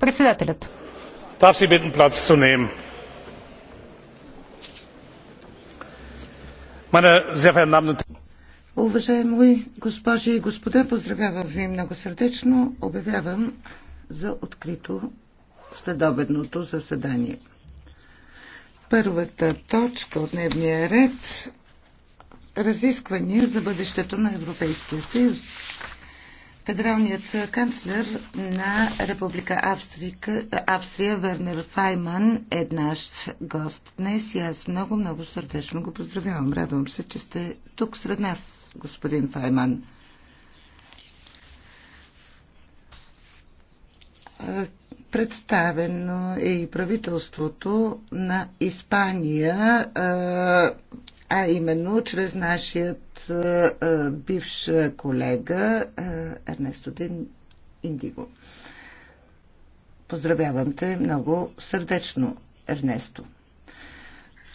Председателят. Darf Sie bitten, Platz zu nehmen. Meine sehr verehrten Damen und Уважаеми госпожи и господа, поздравявам ви много сърдечно. Обявявам за открито следобедното заседание. Първата точка от дневния ред разисквания за бъдещето на Европейския съюз. Федералният канцлер на Република Австрика, Австрия Вернер Файман е наш гост днес и аз много, много сърдечно го поздравявам. Радвам се, че сте тук сред нас, господин Файман. Представено е и правителството на Испания а именно чрез нашият е, е, бивш колега е, Ернесто Ден Индиго. Поздравявам те много сърдечно, Ернесто.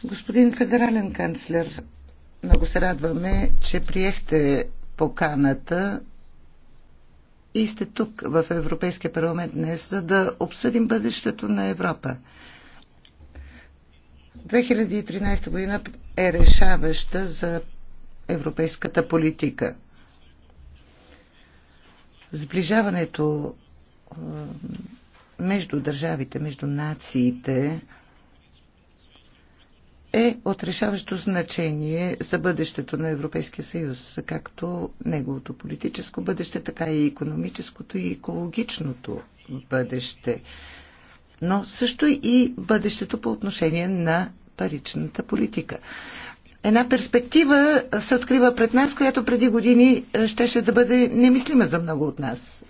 Господин федерален канцлер, много се радваме, че приехте поканата и сте тук в Европейския парламент днес, за да обсъдим бъдещето на Европа. 2013 година е решаваща за европейската политика. Сближаването между държавите, между нациите е от решаващо значение за бъдещето на Европейския съюз, както неговото политическо бъдеще, така и економическото и екологичното бъдеще но също и бъдещето по отношение на паричната политика. Една перспектива се открива пред нас, която преди години е, щеше да бъде немислима за много от нас.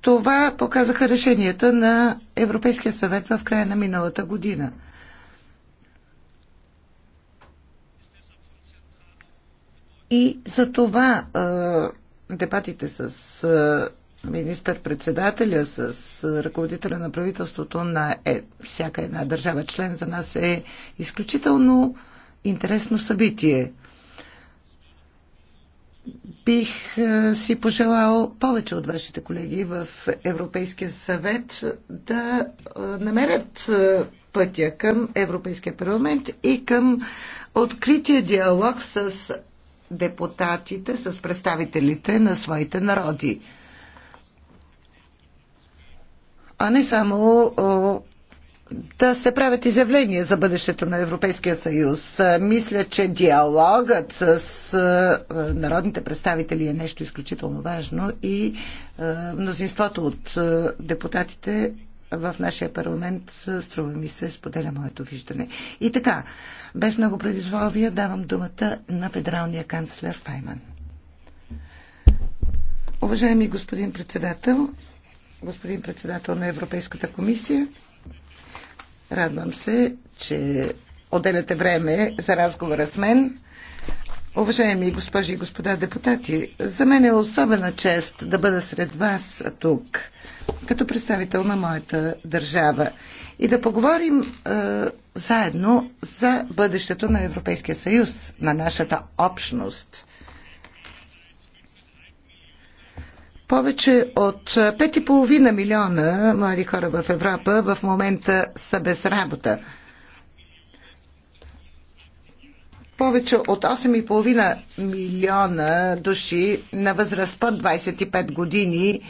Това показаха решенията на Европейския съвет в края на миналата година. И за това е, дебатите с е, министър-председателя, с ръководителя на правителството на е, всяка една държава член за нас е изключително интересно събитие. Бих е, си пожелал повече от вашите колеги в Европейския съвет да е, намерят е, пътя към Европейския парламент и към открития диалог с депутатите, с представителите на своите народи а не само да се правят изявления за бъдещето на Европейския съюз. Мисля, че диалогът с народните представители е нещо изключително важно и мнозинството от депутатите в нашия парламент, струва ми се, споделя моето виждане. И така, без много предизвовия давам думата на федералния канцлер Файман. Уважаеми господин председател, господин председател на Европейската комисия. Радвам се, че отделяте време за разговора с мен. Уважаеми госпожи и господа депутати, за мен е особена чест да бъда сред вас тук, като представител на моята държава и да поговорим е, заедно за бъдещето на Европейския съюз, на нашата общност. Повече от 5,5 милиона млади хора в Европа в момента са без работа. Повече от 8,5 милиона души на възраст под 25 години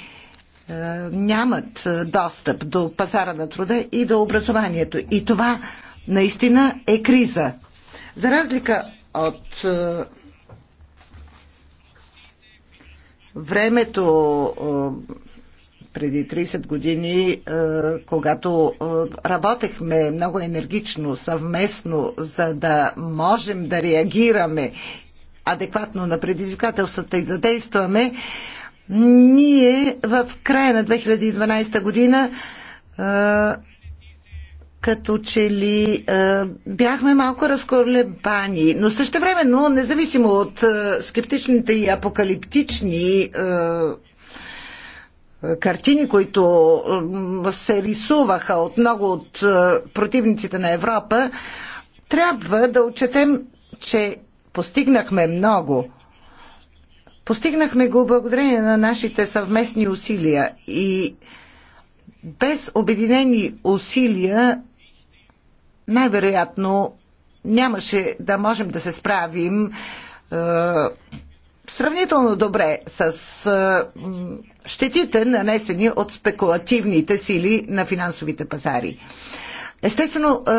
е, нямат е, достъп до пазара на труда и до образованието. И това наистина е криза. За разлика от е, времето преди 30 години, когато работехме много енергично, съвместно, за да можем да реагираме адекватно на предизвикателствата и да действаме, ние в края на 2012 година като че ли е, бяхме малко разколебани, но също време, но независимо от е, скептичните и апокалиптични е, картини, които се рисуваха от много от противниците на Европа, трябва да отчетем, че постигнахме много. Постигнахме го благодарение на нашите съвместни усилия и без обединени усилия най-вероятно нямаше да можем да се справим е, сравнително добре с е, щетите, нанесени от спекулативните сили на финансовите пазари. Естествено, е,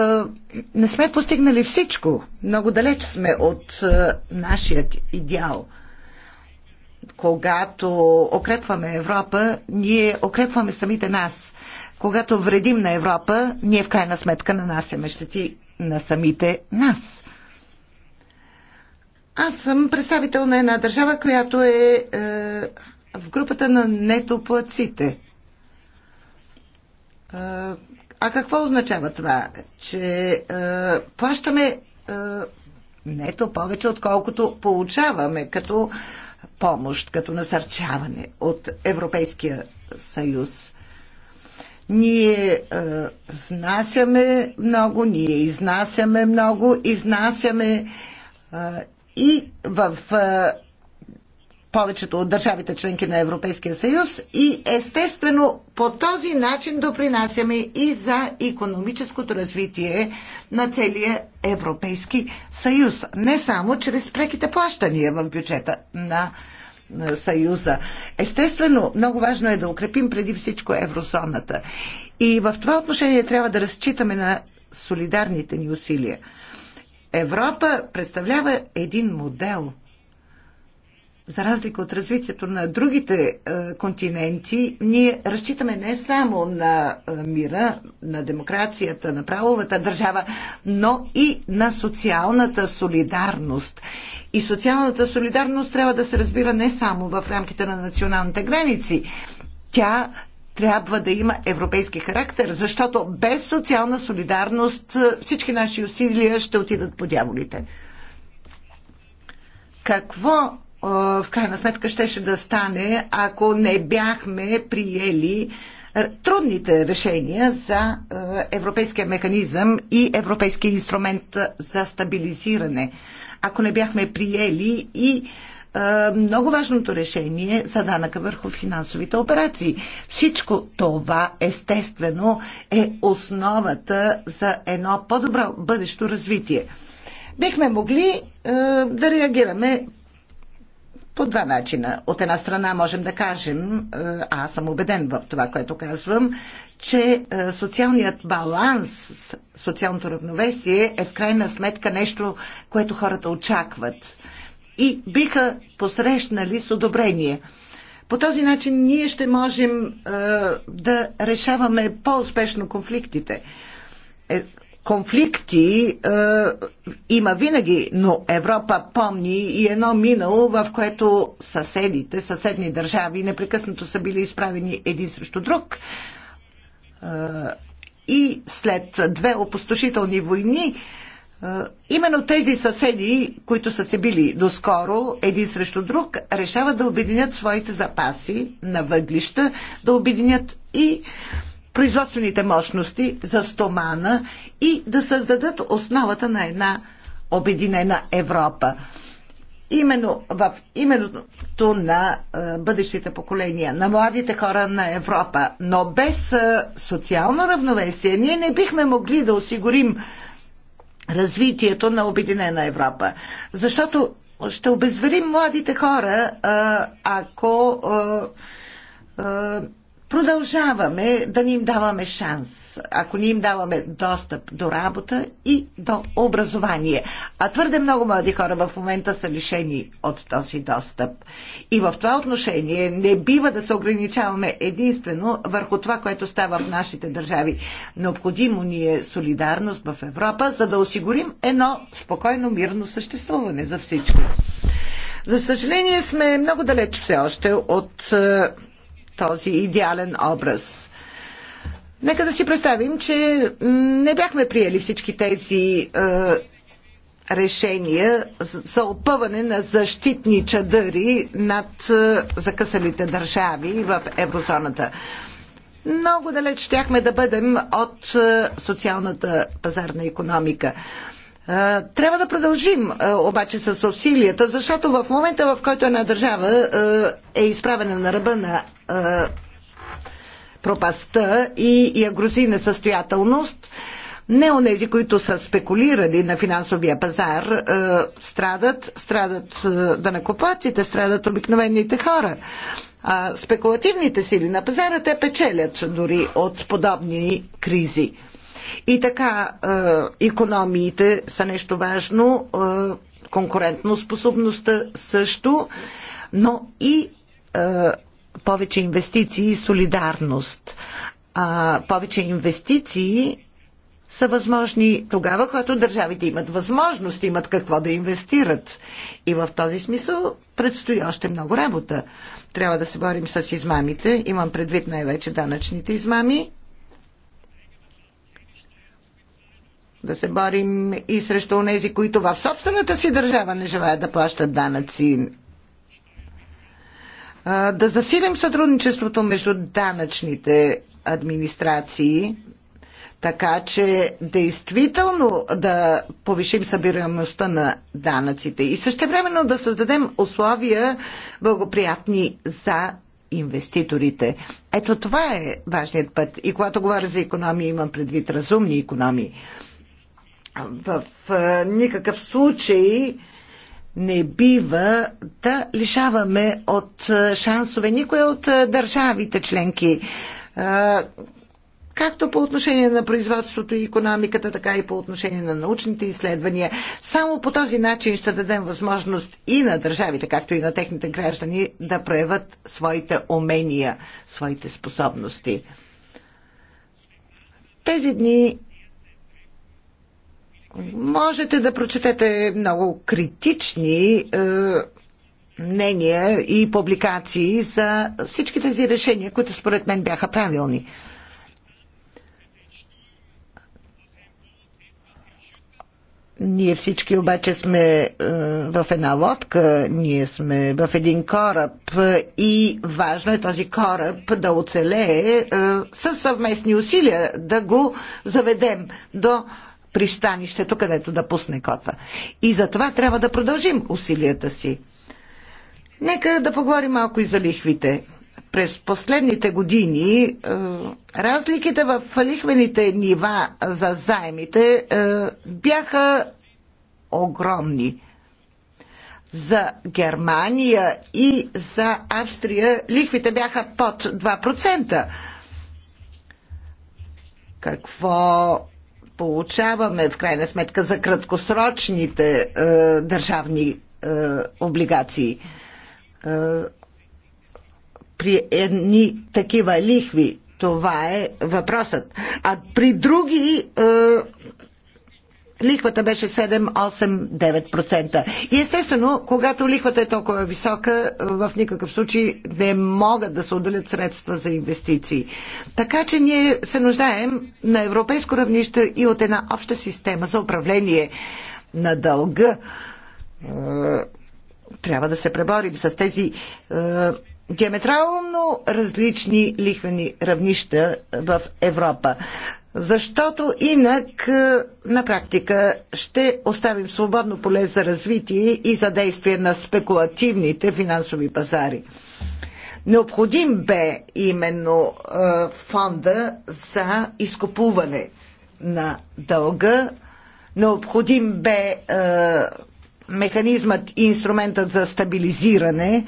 не сме постигнали всичко. Много далеч сме от е, нашият идеал когато укрепваме Европа, ние укрепваме самите нас. Когато вредим на Европа, ние в крайна сметка нанасяме щети на самите нас. Аз съм представител на една държава, която е, е в групата на нетоплаците. Е, а какво означава това? Че е, плащаме е, нето повече, отколкото получаваме като помощ, като насърчаване от Европейския съюз. Ние а, е, внасяме много, ние изнасяме много, изнасяме а, е, и в а, е, повечето от държавите членки на Европейския съюз и естествено по този начин допринасяме и за економическото развитие на целия Европейски съюз. Не само чрез преките плащания в бюджета на Съюза. Естествено, много важно е да укрепим преди всичко еврозоната. И в това отношение трябва да разчитаме на солидарните ни усилия. Европа представлява един модел – за разлика от развитието на другите е, континенти, ние разчитаме не само на е, мира, на демокрацията, на правовата държава, но и на социалната солидарност. И социалната солидарност трябва да се разбира не само в рамките на националните граници. Тя трябва да има европейски характер, защото без социална солидарност е, всички наши усилия ще отидат по дяволите. Какво в крайна сметка щеше да стане, ако не бяхме приели трудните решения за европейския механизъм и европейския инструмент за стабилизиране. Ако не бяхме приели и много важното решение за данъка върху финансовите операции. Всичко това, естествено, е основата за едно по-добро бъдещо развитие. Бихме могли е, да реагираме по два начина. От една страна можем да кажем, е, аз съм убеден в това, което казвам, че е, социалният баланс, социалното равновесие е в крайна сметка нещо, което хората очакват и биха посрещнали с одобрение. По този начин ние ще можем е, да решаваме по-успешно конфликтите конфликти е, има винаги, но Европа помни и едно минало, в което съседите, съседни държави непрекъснато са били изправени един срещу друг. Е, и след две опустошителни войни, е, именно тези съседи, които са се били доскоро един срещу друг, решават да обединят своите запаси на въглища, да обединят и производствените мощности за стомана и да създадат основата на една обединена Европа. Именно в именото на е, бъдещите поколения, на младите хора на Европа, но без е, социално равновесие, ние не бихме могли да осигурим развитието на Обединена Европа. Защото ще обезверим младите хора, е, ако продължаваме да ни им даваме шанс, ако ни им даваме достъп до работа и до образование. А твърде много млади хора в момента са лишени от този достъп. И в това отношение не бива да се ограничаваме единствено върху това, което става в нашите държави. Необходимо ни е солидарност в Европа, за да осигурим едно спокойно, мирно съществуване за всички. За съжаление сме много далеч все още от е, този идеален образ. Нека да си представим, че не бяхме приели всички тези е, решения за опъване на защитни чадъри над е, закъсалите държави в еврозоната. Много далеч щяхме да бъдем от е, социалната пазарна економика. Трябва да продължим обаче с усилията, защото в момента, в който една държава е изправена на ръба на пропаста и я грози несъстоятелност, не онези, които са спекулирали на финансовия пазар, страдат, страдат э, данакоплаците, страдат обикновените хора. А спекулативните сили на пазара те печелят дори от подобни кризи. И така, економиите са нещо важно, е, конкурентно способността също, но и е, повече инвестиции и солидарност. А, повече инвестиции са възможни тогава, когато държавите имат възможност, имат какво да инвестират. И в този смисъл предстои още много работа. Трябва да се борим с измамите. Имам предвид най-вече данъчните измами. да се борим и срещу онези, които в собствената си държава не желаят да плащат данъци. Да засилим сътрудничеството между данъчните администрации, така че действително да повишим събираемостта на данъците и същевременно да създадем условия благоприятни за инвеститорите. Ето това е важният път. И когато говоря за економии, имам предвид разумни економии в никакъв случай не бива да лишаваме от шансове никоя от държавите членки. Както по отношение на производството и економиката, така и по отношение на научните изследвания. Само по този начин ще дадем възможност и на държавите, както и на техните граждани, да проявят своите умения, своите способности. Тези дни Можете да прочетете много критични е, мнения и публикации за всички тези решения, които според мен бяха правилни. Ние всички обаче сме е, в една лодка, ние сме в един кораб и важно е този кораб да оцелее е, със съвместни усилия да го заведем до пристанището, където да пусне котва. И за това трябва да продължим усилията си. Нека да поговорим малко и за лихвите. През последните години е, разликите в лихвените нива за заемите е, бяха огромни. За Германия и за Австрия лихвите бяха под 2%. Какво получаваме в крайна сметка за краткосрочните е, държавни е, облигации. Е, при едни такива лихви това е въпросът. А при други е, лихвата беше 7-8-9%. И естествено, когато лихвата е толкова висока, в никакъв случай не могат да се отделят средства за инвестиции. Така че ние се нуждаем на европейско равнище и от една обща система за управление на дълга. Е, трябва да се преборим с тези е, диаметрално различни лихвени равнища в Европа. Защото инак е, на практика ще оставим свободно поле за развитие и за действие на спекулативните финансови пазари. Необходим бе именно е, фонда за изкупуване на дълга. Необходим бе е, механизмът и инструментът за стабилизиране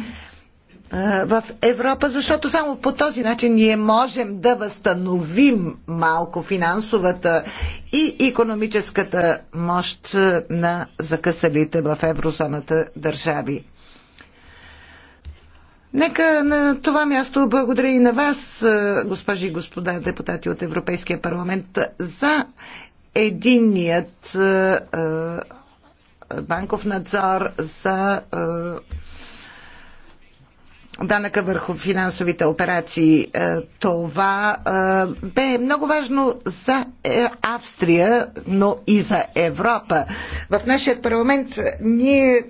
в Европа, защото само по този начин ние можем да възстановим малко финансовата и економическата мощ на закъсалите в еврозоната държави. Нека на това място благодаря и на вас, госпожи и господа депутати от Европейския парламент, за единният банков надзор, за данъка върху финансовите операции. Е, това е, бе много важно за е, Австрия, но и за Европа. В нашия парламент ние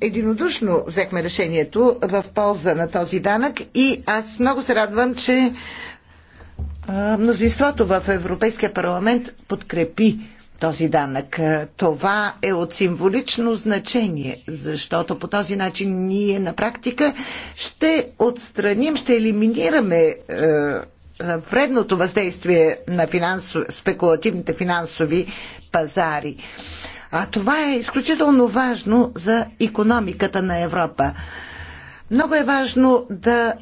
единодушно взехме решението в полза на този данък и аз много се радвам, че мнозинството в Европейския парламент подкрепи този данък. Е, това е от символично значение, защото по този начин ние на практика ще отстраним, ще елиминираме е, вредното въздействие на финансов, спекулативните финансови пазари. А това е изключително важно за економиката на Европа. Много е важно да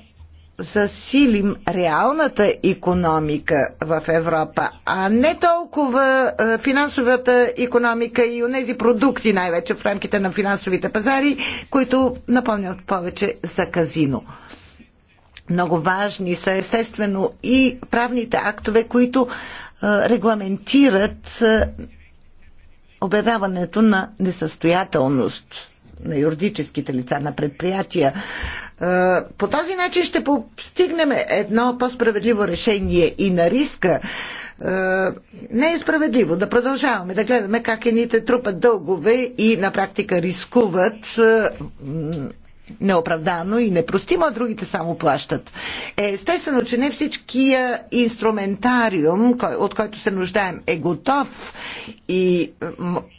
засилим реалната економика в Европа, а не толкова е, финансовата економика и онези продукти, най-вече в рамките на финансовите пазари, които напомнят повече за казино. Много важни са естествено и правните актове, които е, регламентират е, обявяването на несъстоятелност на юридическите лица, на предприятия. Е, по този начин ще постигнем едно по-справедливо решение и на риска. Е, не е справедливо да продължаваме да гледаме как едните трупат дългове и на практика рискуват е, неоправдано и непростимо, а другите само плащат. Е, естествено, че не всичкия инструментариум, от който се нуждаем, е готов и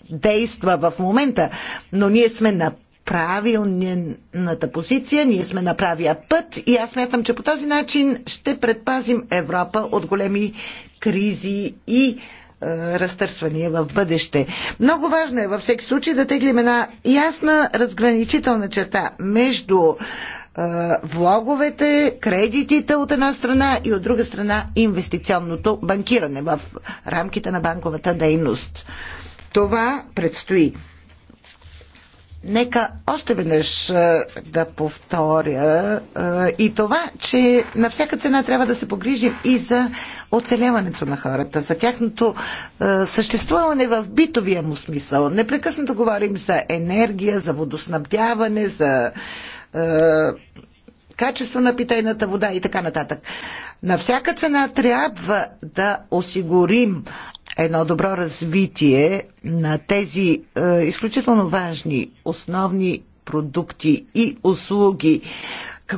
действа в момента, но ние сме на правилната позиция, ние сме на правия път и аз мятам, че по този начин ще предпазим Европа от големи кризи и е, разтърсвания в бъдеще. Много важно е във всеки случай да теглим една ясна разграничителна черта между е, влоговете, кредитите от една страна и от друга страна инвестиционното банкиране в рамките на банковата дейност. Това предстои. Нека още веднъж да повторя и това, че на всяка цена трябва да се погрижим и за оцеляването на хората, за тяхното съществуване в битовия му смисъл. Непрекъснато говорим за енергия, за водоснабдяване, за качество на питейната вода и така нататък. На всяка цена трябва да осигурим едно добро развитие на тези е, изключително важни основни продукти и услуги,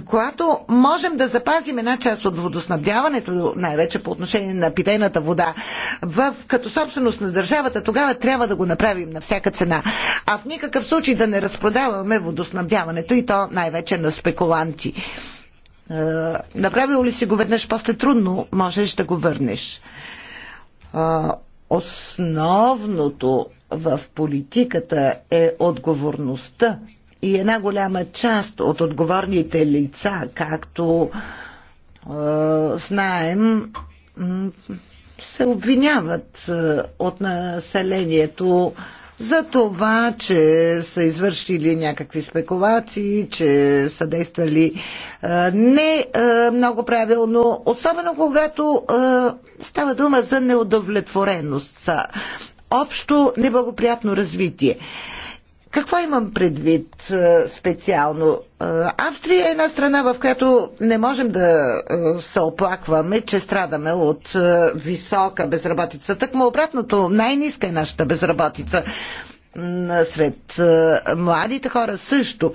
когато можем да запазим една част от водоснабдяването, най-вече по отношение на питейната вода, в, като собственост на държавата, тогава трябва да го направим на всяка цена. А в никакъв случай да не разпродаваме водоснабдяването и то най-вече на спекуланти. Е, направил ли си го веднъж, после трудно можеш да го върнеш е, основното в политиката е отговорността и една голяма част от отговорните лица, както е, знаем, се обвиняват е, от населението за това, че са извършили някакви спекулации, че са действали не много правилно, особено когато става дума за неудовлетвореност, за общо неблагоприятно развитие. Какво имам предвид е, специално? Е, Австрия е една страна, в която не можем да е, се оплакваме, че страдаме от висока безработица. му обратното, най-ниска е нашата безработица. Сред младите хора също.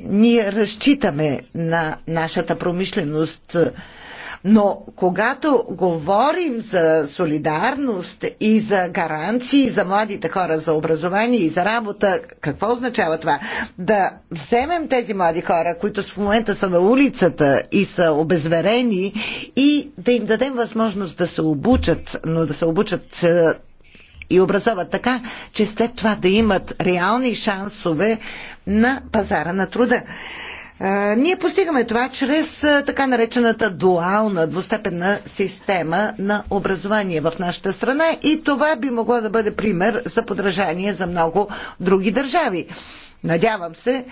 Ние разчитаме на нашата промишленост. Но когато говорим за солидарност и за гаранции за младите хора за образование и за работа, какво означава това? Да вземем тези млади хора, които в момента са на улицата и са обезверени и да им дадем възможност да се обучат, но да се обучат е, и образоват така, че след това да имат реални шансове на пазара на труда. Ние постигаме това чрез така наречената дуална, двустепенна система на образование в нашата страна и това би могло да бъде пример за подражание за много други държави. Надявам се,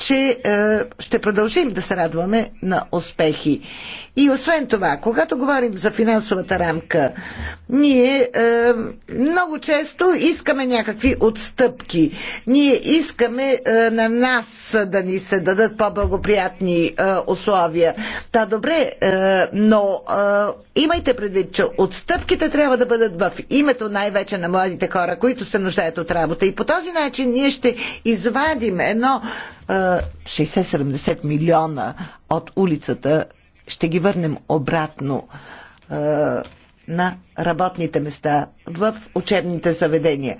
че е, ще продължим да се радваме на успехи. И освен това, когато говорим за финансовата рамка, ние е, много често искаме някакви отстъпки. Ние искаме е, на нас да ни се дадат по-благоприятни условия. Та добре, но имайте предвид, че отстъпките трябва да бъдат в името най-вече на младите хора, които се нуждаят от работа. И по този начин ние ще извадим едно 60-70 милиона от улицата ще ги върнем обратно на работните места в учебните заведения.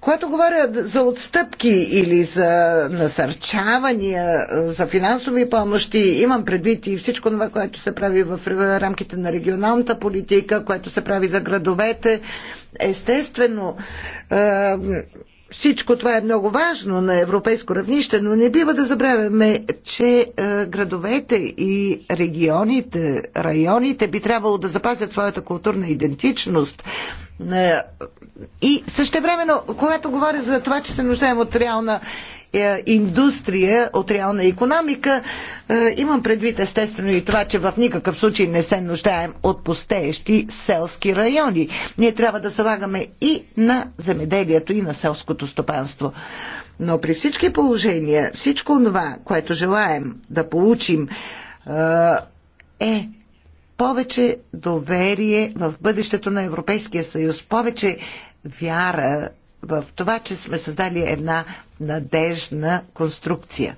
Когато говоря за отстъпки или за насърчавания, за финансови помощи, имам предвид и всичко това, което се прави в рамките на регионалната политика, което се прави за градовете. Естествено, всичко това е много важно на европейско равнище, но не бива да забравяме, че е, градовете и регионите, районите би трябвало да запазят своята културна идентичност. Е, и същевременно, когато говоря за това, че се нуждаем от реална е, индустрия от реална економика. Е, имам предвид естествено и това, че в никакъв случай не се нуждаем от постеещи селски райони. Ние трябва да залагаме и на земеделието, и на селското стопанство. Но при всички положения, всичко това, което желаем да получим, е, е повече доверие в бъдещето на Европейския съюз, повече вяра в това, че сме създали една надежна конструкция.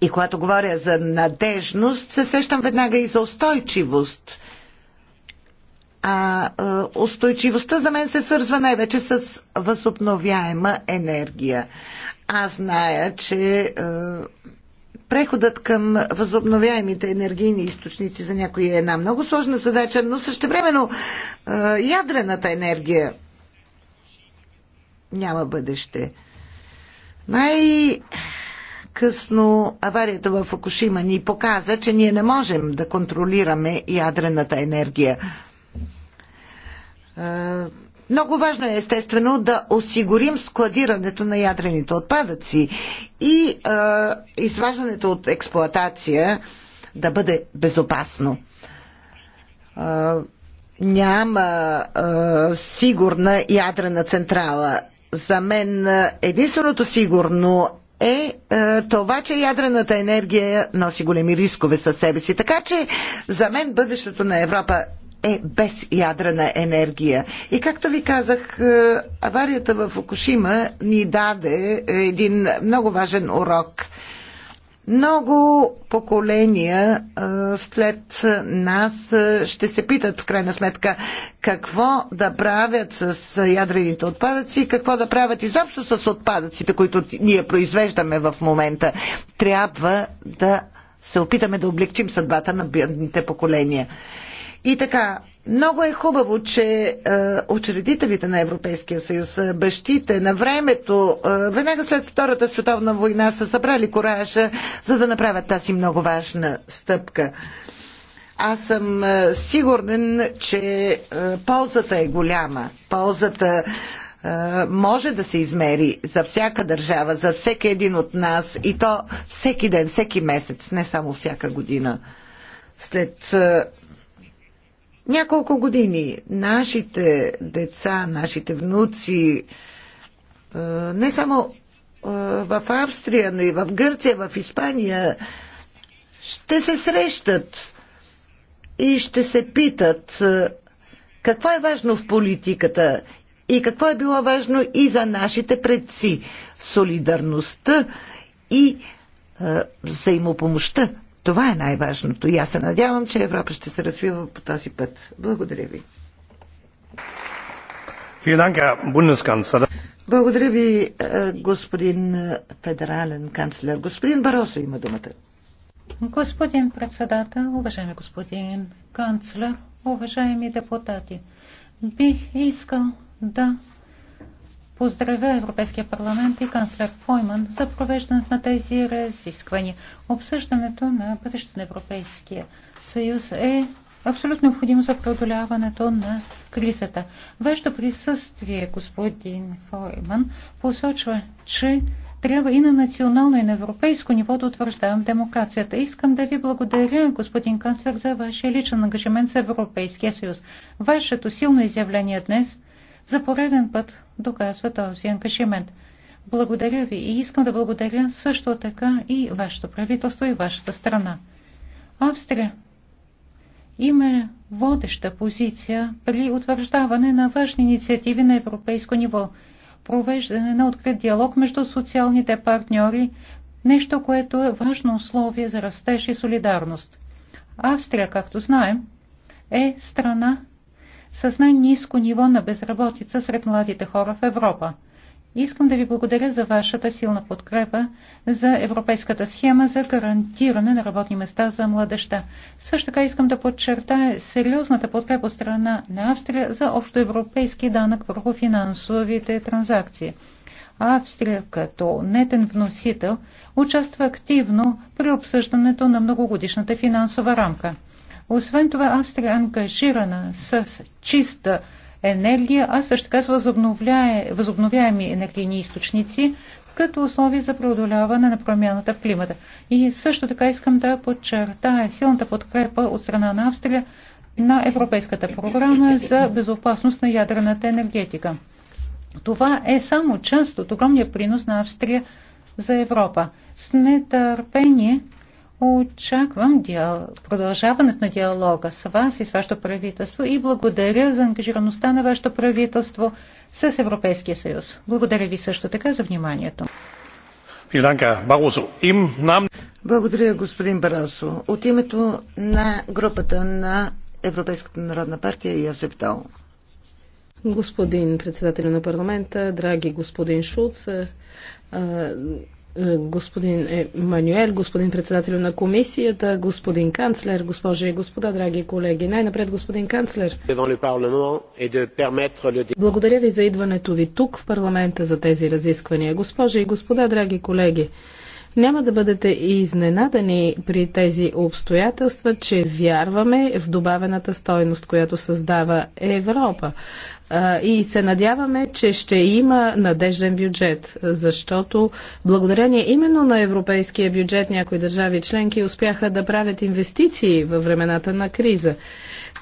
И когато говоря за надежност, се сещам веднага и за устойчивост. А е, устойчивостта за мен се свързва най-вече с възобновяема енергия. Аз зная, че е, преходът към възобновяемите енергийни източници за някои е една много сложна задача, но същевременно е, ядрената енергия няма бъдеще. Най-късно аварията в Фукушима ни показа, че ние не можем да контролираме ядрената енергия. Много важно е, естествено, да осигурим складирането на ядрените отпадъци и е, изваждането от експлоатация да бъде безопасно. Е, няма е, сигурна ядрена централа за мен е, единственото сигурно е, е това, че ядрената енергия носи големи рискове със себе си. Така че за мен бъдещето на Европа е без ядрена енергия. И както ви казах, е, аварията в Фукушима ни даде е, един много важен урок – много поколения след нас ще се питат в крайна сметка какво да правят с ядрените отпадъци и какво да правят изобщо с отпадъците, които ние произвеждаме в момента. Трябва да се опитаме да облегчим съдбата на бедните поколения. И така, много е хубаво, че е, учредителите на Европейския съюз, е, бащите на времето, е, веднага след Втората световна война, са събрали кораша, за да направят тази много важна стъпка. Аз съм е, сигурен, че е, ползата е голяма. Ползата е, може да се измери за всяка държава, за всеки един от нас и то всеки ден, всеки месец, не само всяка година. След е, няколко години нашите деца, нашите внуци, не само в Австрия, но и в Гърция, в Испания, ще се срещат и ще се питат какво е важно в политиката и какво е било важно и за нашите предци. Солидарността и взаимопомощта това е най-важното и аз се надявам, че Европа ще се развива по този път. Благодаря ви. Благодаря ви, е, господин федерален канцлер. Господин Баросо има думата. Господин председател, уважаеми господин канцлер, уважаеми депутати, бих искал да поздравя Европейския парламент и канцлер Фойман за провеждането на тези разисквания. Обсъждането на бъдещето на Европейския съюз е абсолютно необходимо за преодоляването на кризата. Вашето присъствие, господин Фойман, посочва, че трябва и на национално, и на европейско ниво да утвърждавам демокрацията. Искам да ви благодаря, господин канцлер, за вашия личен ангажимент с Европейския съюз. Вашето силно изявление днес – за пореден път доказва този ангажимент. Благодаря ви и искам да благодаря също така и вашето правителство и вашата страна. Австрия има водеща позиция при утвърждаване на важни инициативи на европейско ниво, провеждане на открит диалог между социалните партньори, нещо, което е важно условие за растеж и солидарност. Австрия, както знаем, е страна, с най-низко ниво на безработица сред младите хора в Европа. Искам да ви благодаря за вашата силна подкрепа за европейската схема за гарантиране на работни места за младеща. Също така искам да подчертая сериозната подкрепа страна на Австрия за общоевропейски данък върху финансовите транзакции. Австрия като нетен вносител участва активно при обсъждането на многогодишната финансова рамка. Освен това, Австрия е ангажирана с чиста енергия, а също така с възобновяеми енергийни източници, като условие за преодоляване на промяната в климата. И също така искам да подчертая силната подкрепа от страна на Австрия на Европейската програма за безопасност на ядрената енергетика. Това е само част от огромния принос на Австрия за Европа. С нетърпение Очаквам диал... продължаването на диалога с вас и с вашето правителство и благодаря за ангажираността на вашето правителство с Европейския съюз. Благодаря ви също така за вниманието. Благодаря, господин Барасо. От името на групата на Европейската народна партия и Дал. Господин председател на парламента, драги господин Шулц, е, господин Манюел, господин председател на комисията, господин канцлер, госпожи и господа, драги колеги. Най-напред, господин канцлер. Благодаря ви за идването ви тук в парламента за тези разисквания. Госпожи и господа, драги колеги, няма да бъдете изненадани при тези обстоятелства, че вярваме в добавената стойност, която създава Европа. И се надяваме, че ще има надежден бюджет, защото благодарение именно на европейския бюджет някои държави членки успяха да правят инвестиции във времената на криза.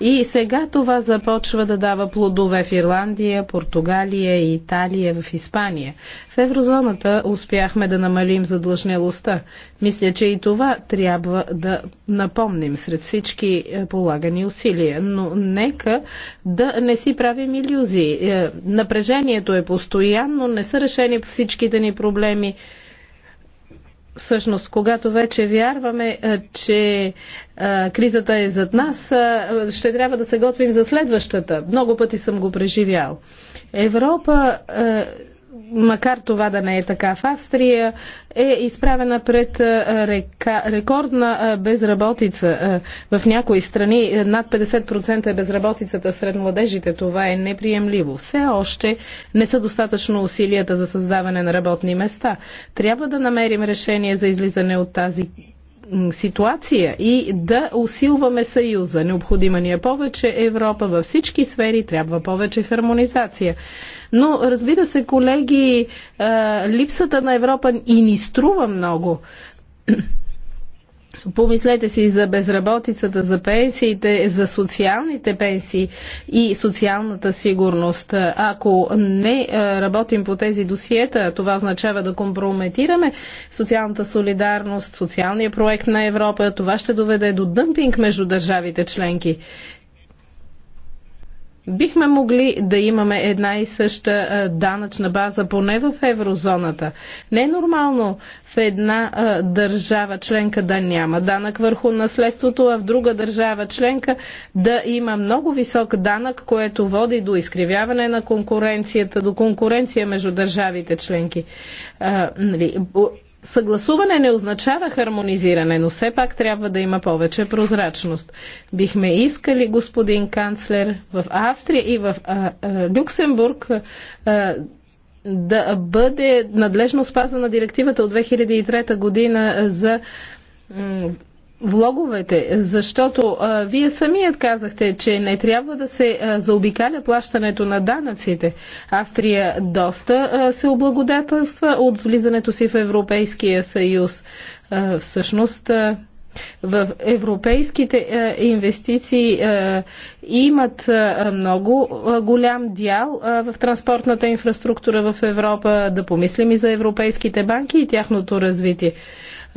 И сега това започва да дава плодове в Ирландия, Португалия и Италия, в Испания. В еврозоната успяхме да намалим задлъжнялостта. Мисля, че и това трябва да напомним сред всички е, полагани усилия. Но нека да не си правим иллюзии. Е, напрежението е постоянно, не са решени всичките ни проблеми всъщност, когато вече вярваме, че а, кризата е зад нас, а, ще трябва да се готвим за следващата. Много пъти съм го преживял. Европа а, макар това да не е така в Австрия, е изправена пред река, рекордна безработица. В някои страни е, над 50% е безработицата сред младежите. Това е неприемливо. Все още не са достатъчно усилията за създаване на работни места. Трябва да намерим решение за излизане от тази ситуация и да усилваме съюза. Необходима ни е повече Европа във всички сфери, трябва повече хармонизация. Но разбира се, колеги, е, липсата на Европа и ни струва много. Помислете си за безработицата, за пенсиите, за социалните пенсии и социалната сигурност. Ако не е, работим по тези досиета, това означава да компрометираме социалната солидарност, социалния проект на Европа. Това ще доведе до дъмпинг между държавите членки бихме могли да имаме една и съща данъчна база, поне в еврозоната. Не е нормално в една държава членка да няма данък върху наследството, а в друга държава членка да има много висок данък, което води до изкривяване на конкуренцията, до конкуренция между държавите членки. Нали, Съгласуване не означава хармонизиране, но все пак трябва да има повече прозрачност. Бихме искали, господин канцлер, в Австрия и в а, а, Люксембург а, да бъде надлежно спазана директивата от 2003 година за влоговете, защото а, вие самият казахте, че не трябва да се а, заобикаля плащането на данъците. Австрия доста а, се облагодателства от влизането си в Европейския съюз. А, всъщност. А, в европейските инвестиции имат много голям дял в транспортната инфраструктура в Европа. Да помислим и за европейските банки и тяхното развитие.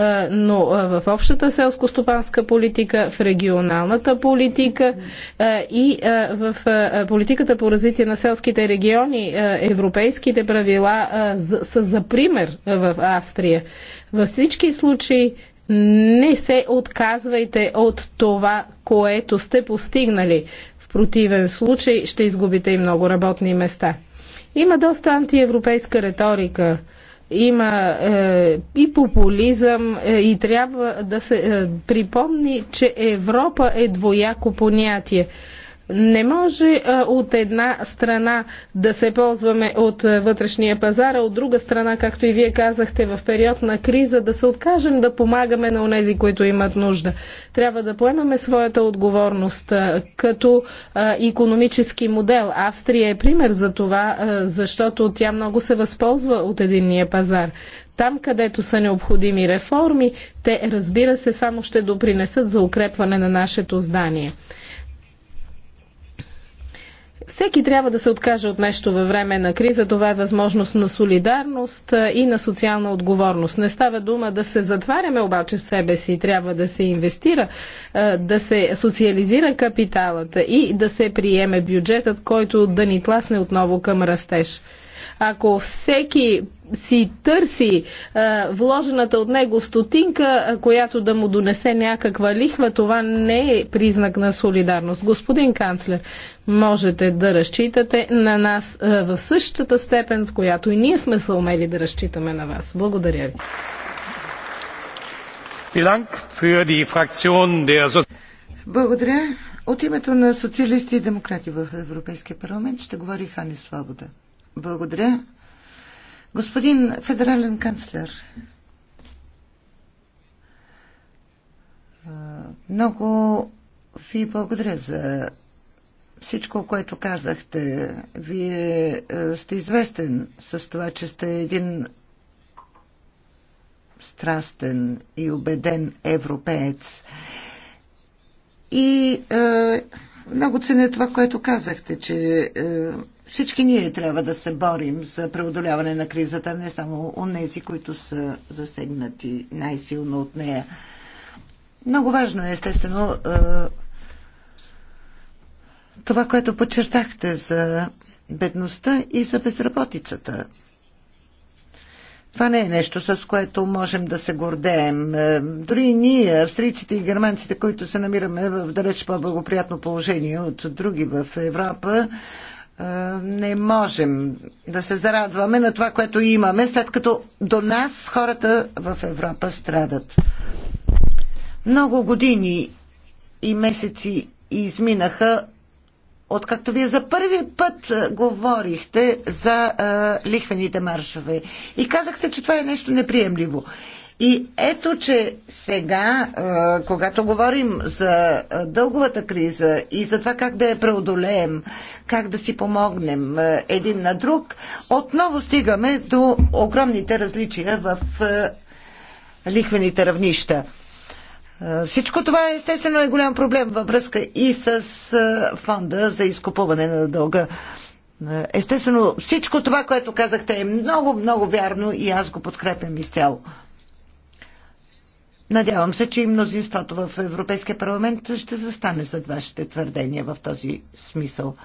Е, но е, в общата селско-стопанска политика, в регионалната политика е, и в политиката по развитие на селските региони европейските правила са за пример в Австрия. Във всички случаи не се отказвайте от това, което сте постигнали. В противен случай ще изгубите и много работни места. Има доста антиевропейска риторика има е, и популизъм е, и трябва да се е, припомни, че Европа е двояко понятие. Не може от една страна да се ползваме от вътрешния пазар, а от друга страна, както и вие казахте, в период на криза да се откажем да помагаме на онези, които имат нужда. Трябва да поемаме своята отговорност като економически модел. Австрия е пример за това, защото тя много се възползва от единния пазар. Там, където са необходими реформи, те, разбира се, само ще допринесат за укрепване на нашето здание. Всеки трябва да се откаже от нещо във време на криза. Това е възможност на солидарност и на социална отговорност. Не става дума да се затваряме обаче в себе си. Трябва да се инвестира, да се социализира капиталът и да се приеме бюджетът, който да ни тласне отново към растеж. Ако всеки си търси а, е, вложената от него стотинка, а, е, която да му донесе някаква лихва, това не е признак на солидарност. Господин канцлер, можете да разчитате на нас а, е, в същата степен, в която и ние сме се умели да разчитаме на вас. Благодаря ви. Благодаря. От името на социалисти и демократи в Европейския парламент ще говори Хани Свобода. Благодаря. Господин федерален канцлер, много ви благодаря за всичко, което казахте. Вие сте известен с това, че сте един страстен и убеден европеец. И е, много ценя това, което казахте, че е, всички ние трябва да се борим за преодоляване на кризата, не само у нези, които са засегнати най-силно от нея. Много важно е, естествено, е, това, което подчертахте за бедността и за безработицата. Това не е нещо, с което можем да се гордеем. Е, дори и ние, австрийците и германците, които се намираме в далеч по-благоприятно положение от други в Европа, е, не можем да се зарадваме на това, което имаме, след като до нас хората в Европа страдат. Много години и месеци изминаха откакто вие за първи път говорихте за а, лихвените маршове и казахте, че това е нещо неприемливо. И ето, че сега, а, когато говорим за дълговата криза и за това как да я преодолеем, как да си помогнем а, един на друг, отново стигаме до огромните различия в а, лихвените равнища. Е, всичко това естествено е голям проблем във връзка и с е, фонда за изкупуване на дълга. Е, естествено, всичко това, което казахте е много, много вярно и аз го подкрепям изцяло. Надявам се, че и мнозинството в Европейския парламент ще застане зад вашите твърдения в този смисъл.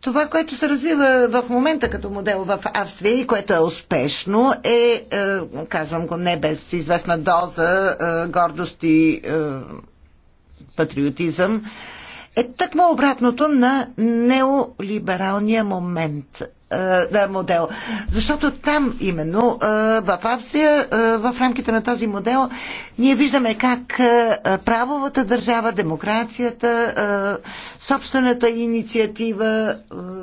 Това, което се развива в момента като модел в Австрия и което е успешно, е, е казвам го не без известна доза е, гордост и е, патриотизъм, е тъкмо обратното на неолибералния момент. Е, а, модел. Защото там именно е, в Австрия, е, в рамките на този модел, ние виждаме как правовата държава, демокрацията, собствената инициатива,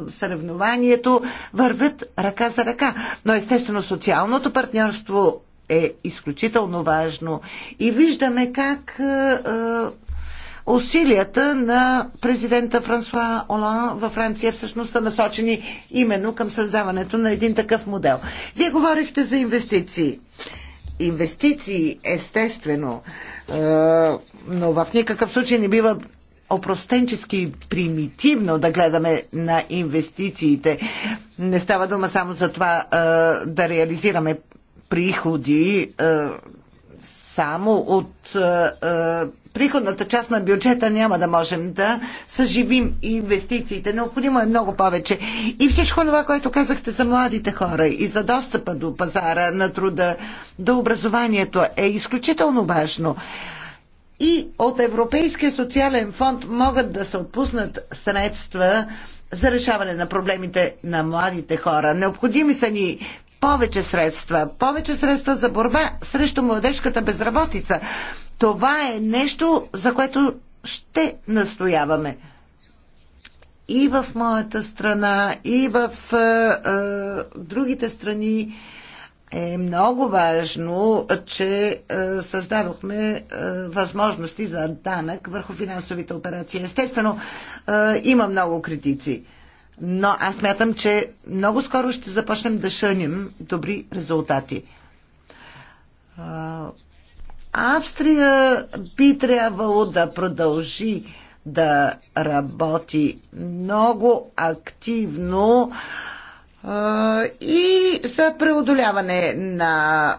съревнованието вървят ръка за ръка. Но естествено социалното партньорство е изключително важно. И виждаме как усилията на президента Франсуа Олан във Франция всъщност са насочени именно към създаването на един такъв модел. Вие говорихте за инвестиции. Инвестиции, естествено, е, но в никакъв случай не бива опростенчески примитивно да гледаме на инвестициите. Не става дума само за това е, да реализираме приходи е, само от е, е, приходната част на бюджета няма да можем да съживим инвестициите. Необходимо е много повече. И всичко това, което казахте за младите хора и за достъпа до пазара на труда, до образованието е изключително важно. И от Европейския социален фонд могат да се отпуснат средства за решаване на проблемите на младите хора. Необходими са ни повече средства, повече средства за борба срещу младежката безработица. Това е нещо, за което ще настояваме. И в моята страна, и в е, е, другите страни е много важно, че е, създадохме е, възможности за данък върху финансовите операции. Естествено, е, има много критици но аз мятам, че много скоро ще започнем да шъним добри резултати. Австрия би трябвало да продължи да работи много активно и за преодоляване на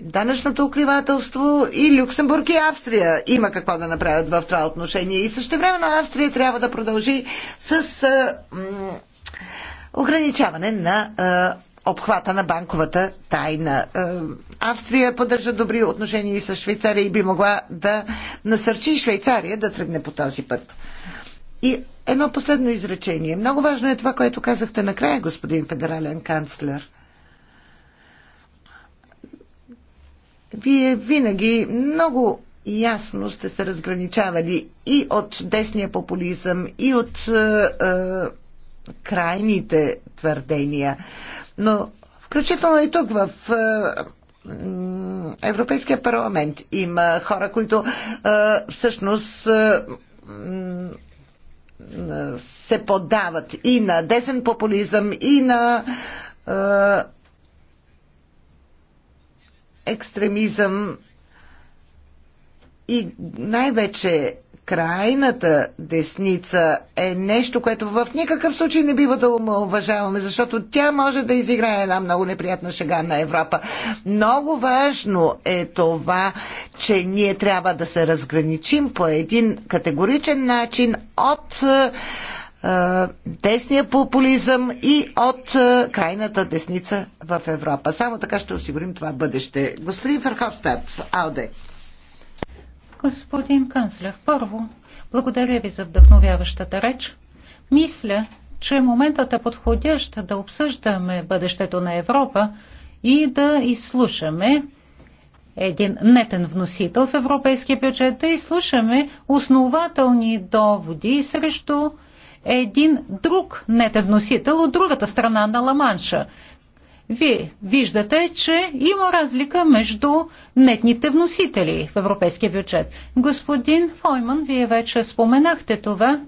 данъчното укривателство и Люксембург и Австрия има какво да направят в това отношение. И също времено Австрия трябва да продължи с а, м, ограничаване на а, обхвата на банковата тайна. Австрия поддържа добри отношения и с Швейцария и би могла да насърчи Швейцария да тръгне по този път. И едно последно изречение. Много важно е това, което казахте накрая, господин федерален канцлер. Вие винаги много ясно сте се разграничавали и от десния популизъм, и от е, е, крайните твърдения. Но включително и тук в. Е, Европейския парламент има хора, които а, е, всъщност а, е, е, се поддават и на десен популизъм, и на екстремизъм и най-вече крайната десница е нещо, което в никакъв случай не бива да уважаваме, защото тя може да изиграе една много неприятна шега на Европа. Много важно е това, че ние трябва да се разграничим по един категоричен начин от е, десния популизъм и от е, крайната десница в Европа. Само така ще осигурим това бъдеще. Господин Ферховстат, Алде. Господин канцлер, първо, благодаря ви за вдъхновяващата реч. Мисля, че моментът е подходящ да обсъждаме бъдещето на Европа и да изслушаме един нетен вносител в европейския бюджет, да изслушаме основателни доводи срещу един друг нетен вносител от другата страна на Ламанша. Вие виждате, че има разлика между нетните вносители в европейския бюджет. Господин Фойман, вие вече споменахте това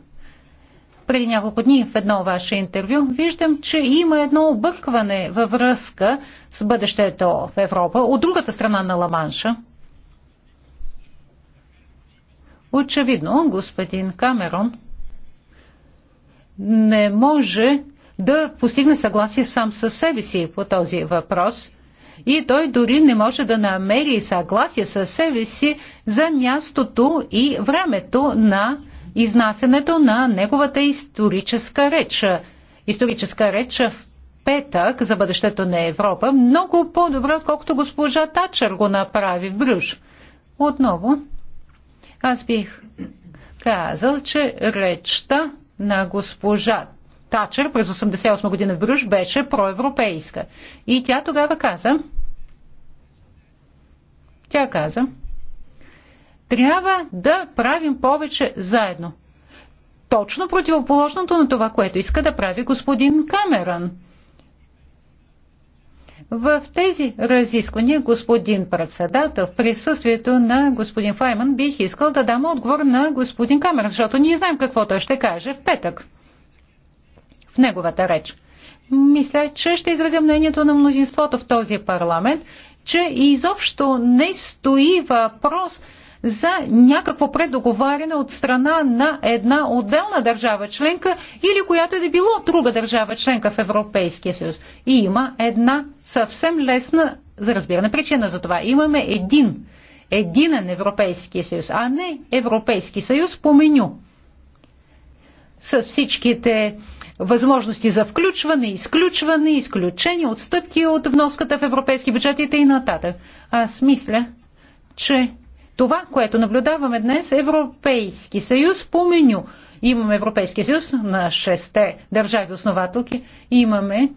преди няколко дни в едно ваше интервю. Виждам, че има едно объркване във връзка с бъдещето в Европа от другата страна на Ламанша. Очевидно, господин Камерон не може да постигне съгласие сам със себе си по този въпрос и той дори не може да намери съгласие със себе си за мястото и времето на изнасянето на неговата историческа реч. Историческа реч в петък за бъдещето на Европа много по-добре, отколкото госпожа Тачър го направи в Брюш. Отново, аз бих казал, че речта на госпожа Тачер през 1988 година в Брюш беше проевропейска. И тя тогава каза, тя каза, трябва да правим повече заедно. Точно противоположното на това, което иска да прави господин Камеран – в тези разисквания, господин председател, в присъствието на господин Файман, бих искал да дам отговор на господин Камер, защото ние знаем какво той ще каже в петък. В неговата реч. Мисля, че ще изразя мнението на мнозинството в този парламент, че изобщо не стои въпрос – за някакво предоговаряне от страна на една отделна държава членка или която е да било друга държава членка в Европейския съюз. И има една съвсем лесна за разбиране причина за това. Имаме един, единен Европейския съюз, а не Европейски съюз по меню. С всичките възможности за включване, изключване, изключени отстъпки от вноската в европейски бюджет и нататък. Аз мисля, че това, което наблюдаваме днес, Европейски съюз по меню. Имаме Европейски съюз на шесте държави основателки, имаме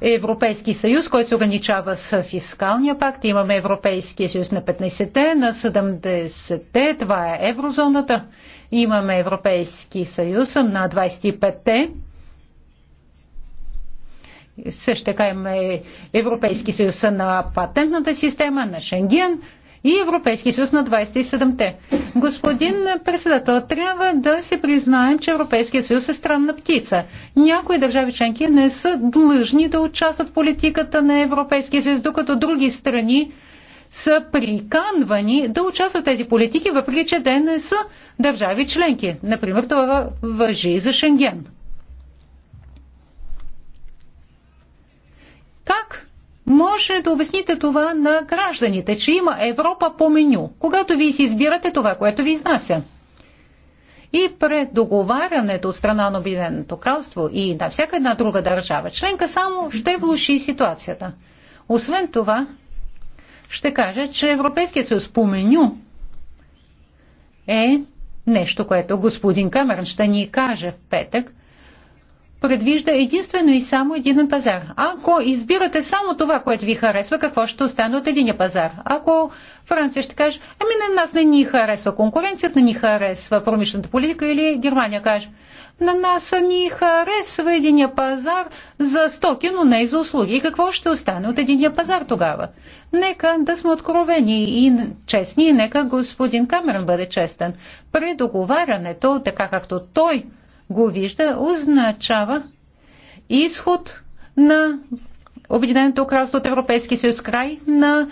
Европейски съюз, който се ограничава с фискалния пакт, имаме Европейския съюз на 15-те, на 70-те, това е еврозоната, имаме Европейски съюз на 25-те, също така имаме Европейски съюз на патентната система, на Шенген – и Европейския съюз на 27-те. Господин председател, трябва да се признаем, че Европейския съюз е странна птица. Някои държави членки не са длъжни да участват в политиката на Европейския съюз, докато други страни са приканвани да участват в тези политики, въпреки че те не са държави членки. Например, това въжи за Шенген. Как може да обясните това на гражданите, че има Европа по меню, когато ви си избирате това, което ви изнася. И пред договарянето от страна на Обединеното кралство и на всяка една друга държава членка само ще влуши ситуацията. Освен това, ще кажа, че Европейският съюз по меню е нещо, което господин Камерн ще ни каже в петък – предвижда единствено и само един пазар. Ако избирате само това, което ви харесва, какво ще остане от един пазар? Ако Франция ще каже, ами на нас не ни харесва конкуренцията, не ни харесва промишлената политика или Германия каже, на нас ни харесва един пазар за стоки, но не и за услуги. И какво ще остане от един пазар тогава? Нека да сме откровени и честни, и нека господин Камерън бъде честен. Предоговарянето, договарянето, така както той го вижда, означава изход на Обединеното кралство от Европейския съюз, край на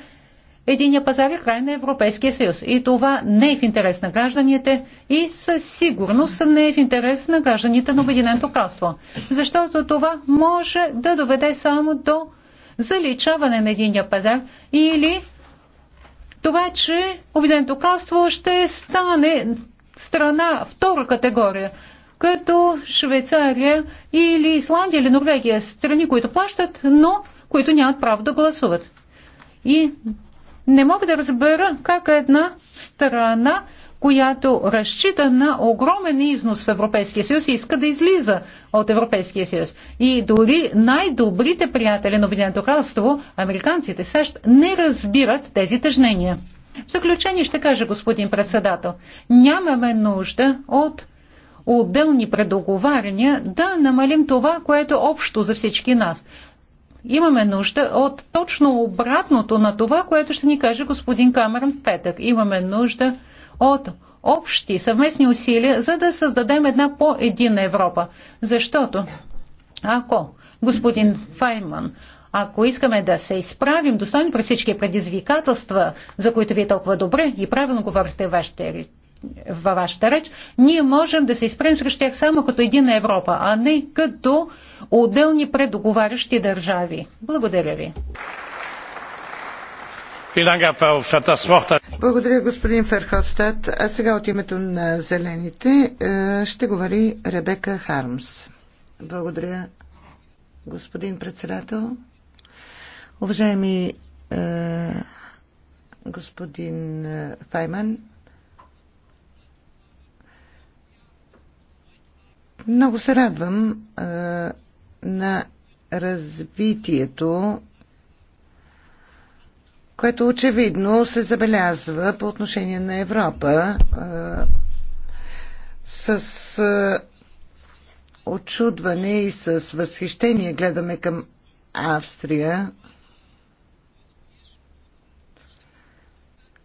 единия пазар и край на Европейския съюз. И това не е в интерес на гражданите и със сигурност не е в интерес на гражданите на Обединеното кралство. Защото това може да доведе само до заличаване на единия пазар или това, че Обединеното кралство ще стане страна втора категория като Швейцария или Исландия или Норвегия. Страни, които плащат, но които нямат право да гласуват. И не мога да разбера как една страна, която разчита на огромен износ в Европейския съюз и иска да излиза от Европейския съюз. И дори най-добрите приятели на Обединеното кралство, американците САЩ, не разбират тези тъжнения. В заключение ще кажа, господин председател, нямаме нужда от отделни предоговаряния, да намалим това, което е общо за всички нас. Имаме нужда от точно обратното на това, което ще ни каже господин Камерън в петък. Имаме нужда от общи съвместни усилия, за да създадем една по-едина Европа. Защото ако господин Файман ако искаме да се изправим достойно при всички предизвикателства, за които вие толкова добре и правилно говорите в вашите във вашата реч, ние можем да се изпрем срещу тях само като едина Европа, а не като отделни предоговарящи държави. Благодаря ви. Благодаря, господин Ферховстад. А сега от името на Зелените е, ще говори Ребека Хармс. Благодаря, господин председател. Уважаеми е, господин Файман, Много се радвам а, на развитието, което очевидно се забелязва по отношение на Европа а, с а, очудване и с възхищение гледаме към Австрия,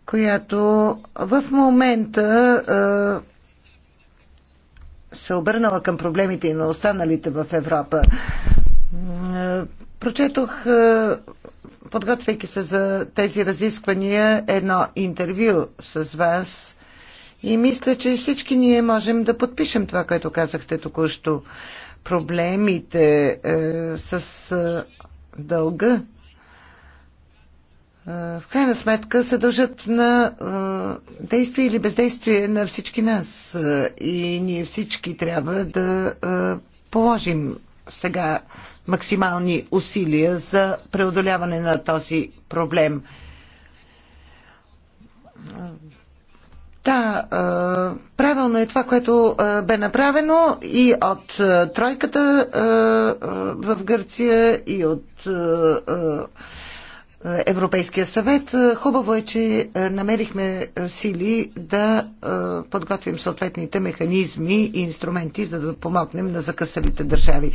която в момента а, се обърнала към проблемите и на останалите в Европа. Прочетох, е, подготвяйки се за тези разисквания, едно интервю с вас и мисля, че всички ние можем да подпишем това, което казахте току-що. Проблемите е, с е, дълга е, в крайна сметка се дължат на е, действие или бездействие на всички нас. Е, и ние всички трябва да положим сега максимални усилия за преодоляване на този проблем. Да, правилно е това, което бе направено и от тройката в Гърция, и от Европейския съвет. Хубаво е, че е, намерихме е, сили да е, подготвим съответните механизми и инструменти, за да помогнем на закъсалите държави.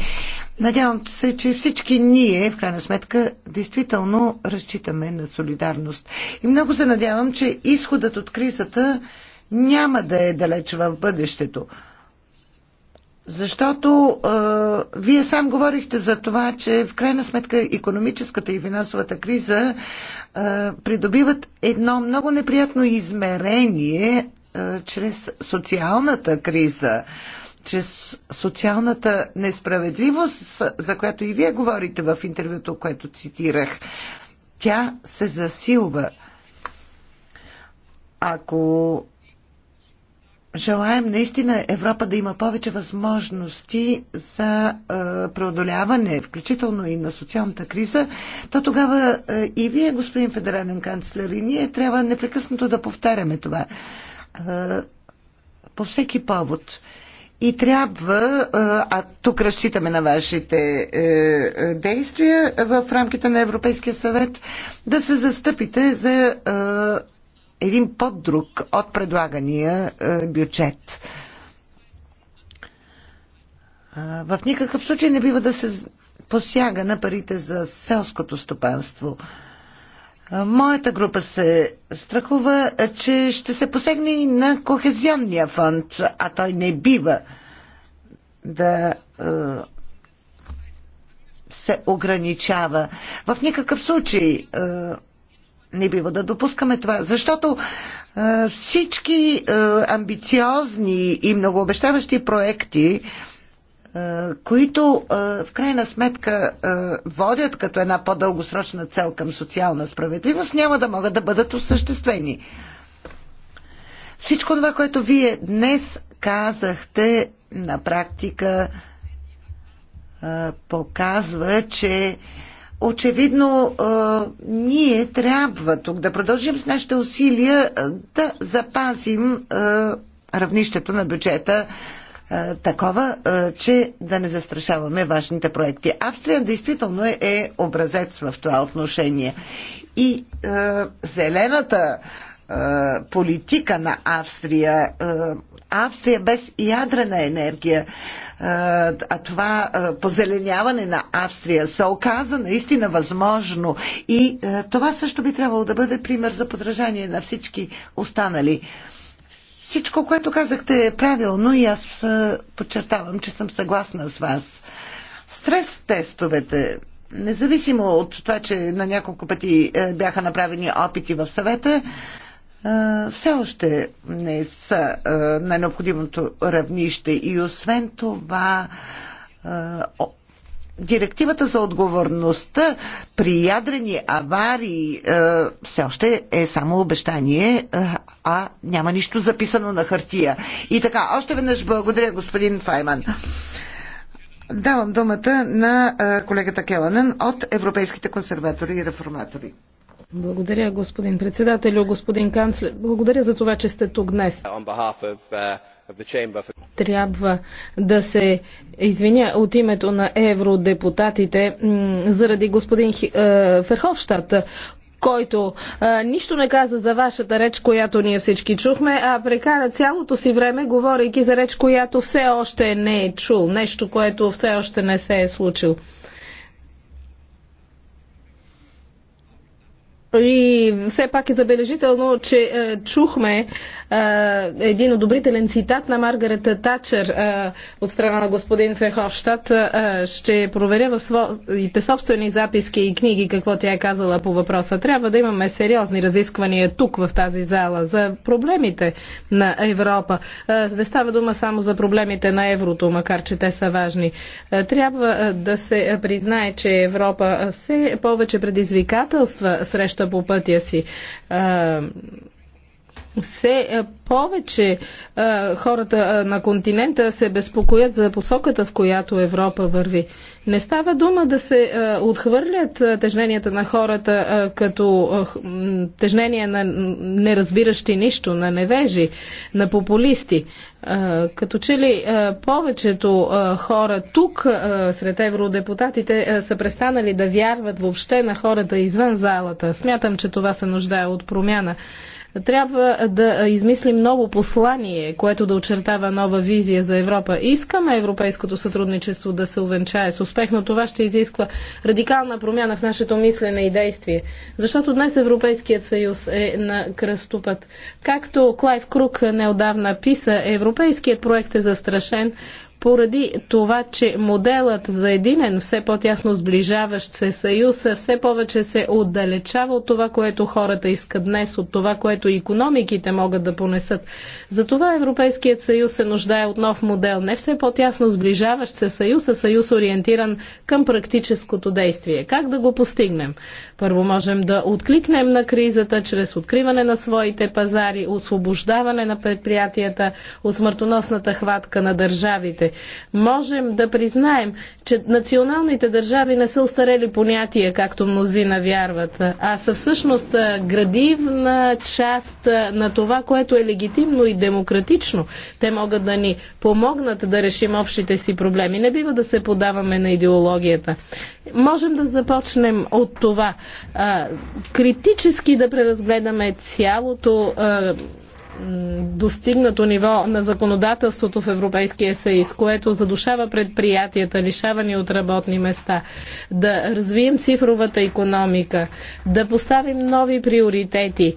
Надявам се, че всички ние, в крайна сметка, действително разчитаме на солидарност. И много се надявам, че изходът от кризата няма да е далеч в бъдещето. Защото а, вие сам говорихте за това, че в крайна сметка економическата и финансовата криза а, придобиват едно много неприятно измерение а, чрез социалната криза, чрез социалната несправедливост, за която и вие говорите в интервюто, което цитирах. Тя се засилва. Ако желаем наистина Европа да има повече възможности за е, преодоляване, включително и на социалната криза, то тогава е, и вие, господин федерален канцлер, и ние трябва непрекъснато да повтаряме това. Е, по всеки повод. И трябва, а тук разчитаме на вашите действия в рамките на Европейския съвет, да се застъпите за един друг от предлагания е, бюджет. В никакъв случай не бива да се посяга на парите за селското стопанство. Моята група се страхува, е, че ще се посегне и на кохезионния фонд, а той не бива да е, се ограничава. В никакъв случай не бива да допускаме това, защото е, всички е, амбициозни и многообещаващи проекти, е, които е, в крайна сметка е, водят като една по-дългосрочна цел към социална справедливост, няма да могат да бъдат осъществени. Всичко това, което вие днес казахте, на практика показва, че Очевидно, ние трябва тук да продължим с нашите усилия да запазим равнището на бюджета такова, че да не застрашаваме важните проекти. Австрия действително е, е образец в това отношение. И а, зелената политика на Австрия. Австрия без ядрена енергия, а това позеленяване на Австрия се оказа наистина възможно и това също би трябвало да бъде пример за подражание на всички останали. Всичко, което казахте е правилно и аз подчертавам, че съм съгласна с вас. Стрес тестовете независимо от това, че на няколко пъти е, бяха направени опити в съвета, все още не са на необходимото равнище и освен това директивата за отговорността при ядрени аварии все още е само обещание, а няма нищо записано на хартия. И така, още веднъж благодаря господин Файман. Давам думата на колегата Келанен от Европейските консерватори и реформатори. Благодаря, господин председател, господин канцлер. Благодаря за това, че сте тук днес. Uh, Трябва да се извиня от името на евродепутатите заради господин е, Ферховщата, който а, е, нищо не каза за вашата реч, която ние всички чухме, а прекара цялото си време, говорейки за реч, която все още не е чул, нещо, което все още не се е случило. И все пак е забележително, че е, чухме един одобрителен цитат на Маргарет Тачер от страна на господин Феховщад. Ще проверя в своите собствени записки и книги какво тя е казала по въпроса. Трябва да имаме сериозни разисквания тук в тази зала за проблемите на Европа. Не става дума само за проблемите на еврото, макар че те са важни. Трябва да се признае, че Европа все повече предизвикателства среща по пътя си все е, повече а, е, хората а, е, на континента се безпокоят за посоката, в която Европа върви. Не става дума да се а, отхвърлят а, тежненията на хората а, като а, тежнения на неразбиращи нищо, на невежи, на популисти. А, като че ли а, повечето а, хора тук, а, сред евродепутатите, а, са престанали да вярват въобще на хората извън залата. Смятам, че това се нуждае от промяна. Трябва да измислим ново послание, което да очертава нова визия за Европа. Искаме европейското сътрудничество да се увенчае с успех, но това ще изисква радикална промяна в нашето мислене и действие. Защото днес Европейският съюз е на кръстопът. Както Клайв Крук неодавна писа, европейският проект е застрашен поради това, че моделът за единен, все по-тясно сближаващ се съюз, все повече се отдалечава от това, което хората искат днес, от това, което економиките могат да понесат. Затова Европейският съюз се нуждае от нов модел, не все по-тясно сближаващ се съюз, а съюз ориентиран към практическото действие. Как да го постигнем? Първо можем да откликнем на кризата чрез откриване на своите пазари, освобождаване на предприятията от смъртоносната хватка на държавите можем да признаем, че националните държави не са устарели понятия, както мнозина вярват, а са всъщност градивна част на това, което е легитимно и демократично. Те могат да ни помогнат да решим общите си проблеми. Не бива да се подаваме на идеологията. Можем да започнем от това. критически да преразгледаме цялото достигнато ниво на законодателството в Европейския съюз, което задушава предприятията, лишавани от работни места, да развием цифровата економика, да поставим нови приоритети,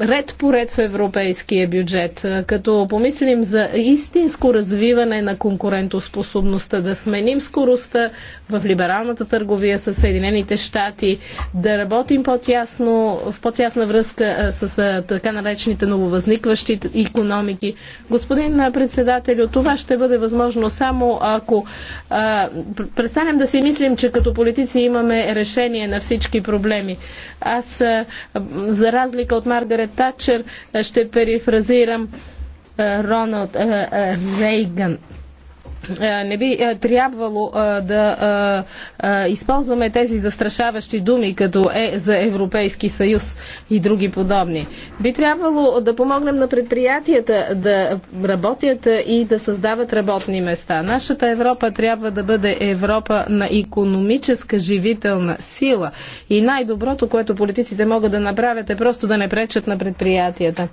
ред по ред в европейския бюджет, като помислим за истинско развиване на конкурентоспособността, да сменим скоростта в либералната търговия с Съединените щати, да работим по-тясно, в по-тясна връзка с така наречените нововъзникващи економики. Господин председател, това ще бъде възможно само ако а, престанем да си мислим, че като политици имаме решение на всички проблеми. Аз, а, за разлика от Маргарет Тачер, ще перифразирам Роналд Рейган – е, не би е, трябвало е, да използваме тези застрашаващи думи, като е за Европейски съюз и други подобни. Би трябвало да помогнем на предприятията да работят и да създават работни места. Нашата Европа трябва да бъде Европа на економическа живителна сила. И най-доброто, което политиците могат да направят е просто да не пречат на предприятията.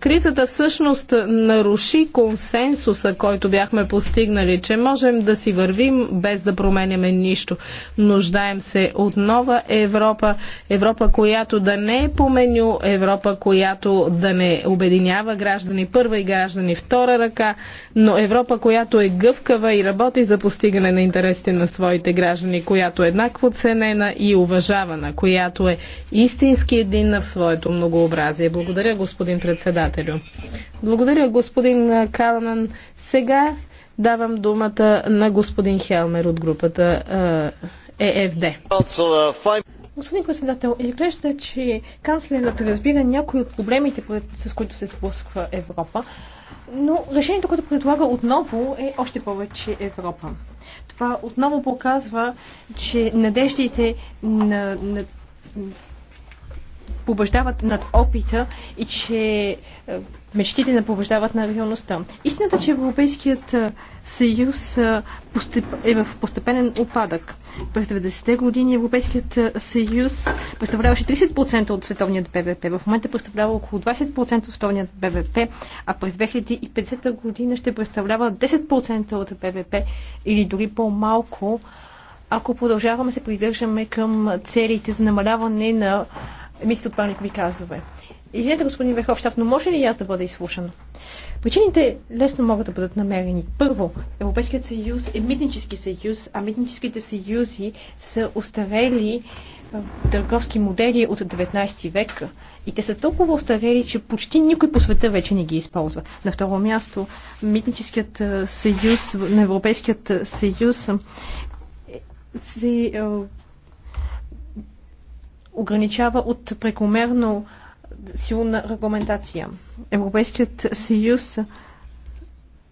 Кризата всъщност наруши консенсуса, който бяхме сме постигнали, че можем да си вървим без да променяме нищо. Нуждаем се от нова Европа, Европа, която да не е по меню, Европа, която да не обединява граждани първа и граждани втора ръка, но Европа, която е гъвкава и работи за постигане на интересите на своите граждани, която е еднакво ценена и уважавана, която е истински единна в своето многообразие. Благодаря, господин председателю. Благодаря, господин Каланан. Сега Давам думата на господин Хелмер от групата ЕФД. Господин председател, изглежда, че канцлерът разбира някои от проблемите, с които се сблъсква Европа, но решението, което предлага отново е още повече Европа. Това отново показва, че надеждите на, на побеждават над опита и че е, мечтите не побеждават на реалността. Истината, че Европейският е, съюз е, е в постепенен опадък. През 90-те години Европейският съюз представляваше 30% от световният БВП. В момента представлява около 20% от световният БВП, а през 2050 година ще представлява 10% от БВП или дори по-малко, ако продължаваме се придържаме към целите за намаляване на емисията от парникови казваме. Извинете, господин Верховщав, но може ли аз да бъда изслушан? Причините лесно могат да бъдат намерени. Първо, Европейският съюз е митнически съюз, а митническите съюзи са устарели търговски модели от 19 век и те са толкова устарели, че почти никой по света вече не ги използва. На второ място, митническият съюз на Европейският съюз се ограничава от прекомерно силна регламентация. Европейският съюз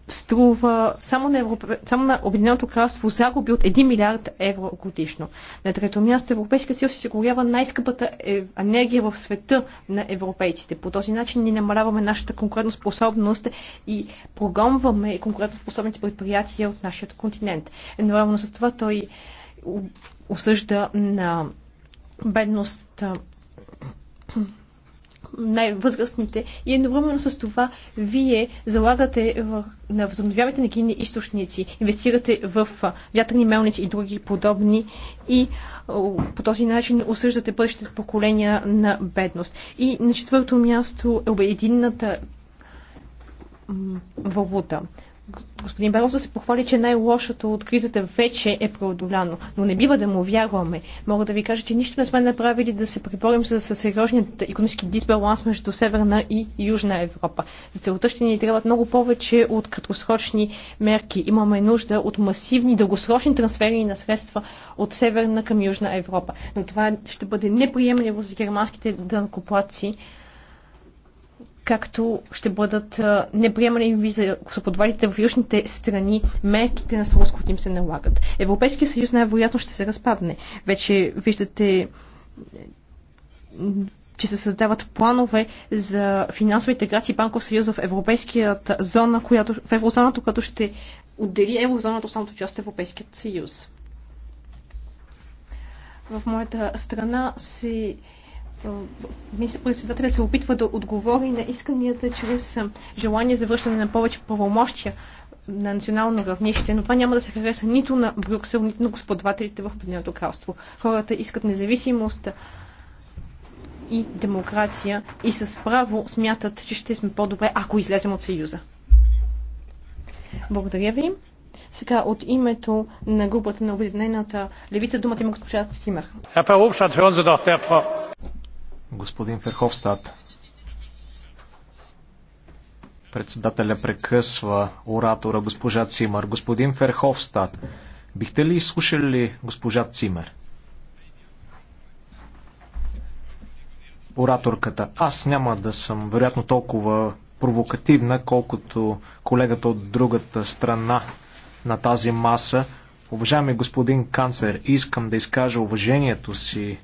струва само на, Европе... само на Обединеното кралство загуби от 1 милиард евро годишно. На трето място Европейския съюз осигурява най-скъпата е, енергия в света на европейците. По този начин ни намаляваме нашата конкурентоспособност и прогонваме конкурентоспособните предприятия от нашия континент. Едновременно с това той осъжда на бедност най-възрастните и едновременно с това вие залагате в, на възобновявате енергийни източници, инвестирате в вятърни мелници и други подобни и по този начин осъждате бъдещите поколения на бедност. И на четвърто място е обединената валута. Господин Барозо се похвали, че най-лошото от кризата вече е преодоляно, но не бива да му вярваме. Мога да ви кажа, че нищо не сме направили да се приборим с, сериозният економически дисбаланс между Северна и Южна Европа. За целта ще ни трябват много повече от краткосрочни мерки. Имаме нужда от масивни дългосрочни трансфери на средства от Северна към Южна Европа. Но това ще бъде неприемливо за германските дънкоплаци както ще бъдат неприемани ви за косоподвалите в южните страни, мерките на СОЛОС, които им се налагат. Европейския съюз най-вероятно ще се разпадне. Вече виждате че се създават планове за финансова интеграция и банков съюз в европейската зона, която, в еврозоната, която ще отдели еврозоната самото част от Европейският съюз. В моята страна се си министър-председателят се опитва да отговори на исканията чрез желание за връщане на повече правомощия на национално равнище, но това няма да се хареса нито на Брюксел, нито на господавателите в Обединеното кралство. Хората искат независимост и демокрация и с право смятат, че ще сме по-добре, ако излезем от Съюза. Благодаря ви. Сега от името на групата на Обединената левица думата има госпожа Симер. Herr Verhofstadt, hören Sie doch der Frau господин Ферховстат. Председателя прекъсва оратора госпожа Цимър. Господин Ферховстат, бихте ли изслушали госпожа Цимер? Ораторката. Аз няма да съм вероятно толкова провокативна, колкото колегата от другата страна на тази маса. Уважаеми господин канцер, искам да изкажа уважението си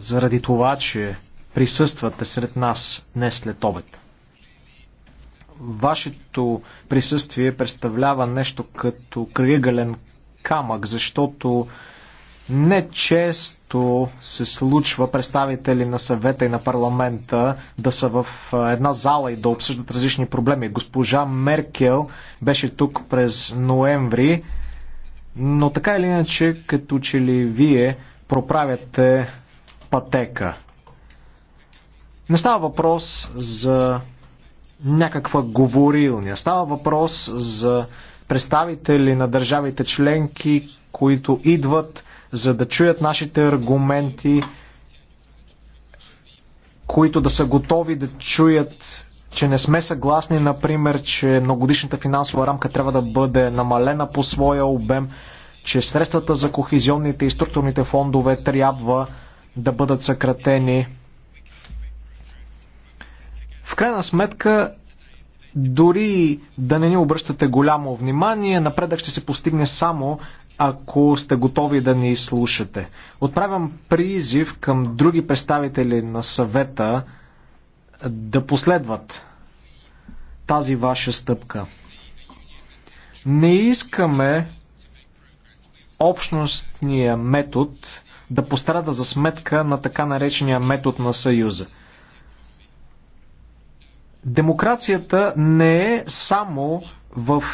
заради това, че присъствате сред нас днес след обед. Вашето присъствие представлява нещо като кръгален камък, защото не често се случва представители на съвета и на парламента да са в една зала и да обсъждат различни проблеми. Госпожа Меркел беше тук през ноември, но така или иначе, като че ли вие проправяте пътека. Не става въпрос за някаква говорилня. Става въпрос за представители на държавите членки, които идват за да чуят нашите аргументи, които да са готови да чуят, че не сме съгласни, например, че многодишната финансова рамка трябва да бъде намалена по своя обем, че средствата за кохезионните и структурните фондове трябва да бъдат съкратени. В крайна сметка, дори да не ни обръщате голямо внимание, напредък ще се постигне само ако сте готови да ни слушате. Отправям призив към други представители на съвета да последват тази ваша стъпка. Не искаме общностния метод да пострада за сметка на така наречения метод на Съюза. Демокрацията не е само в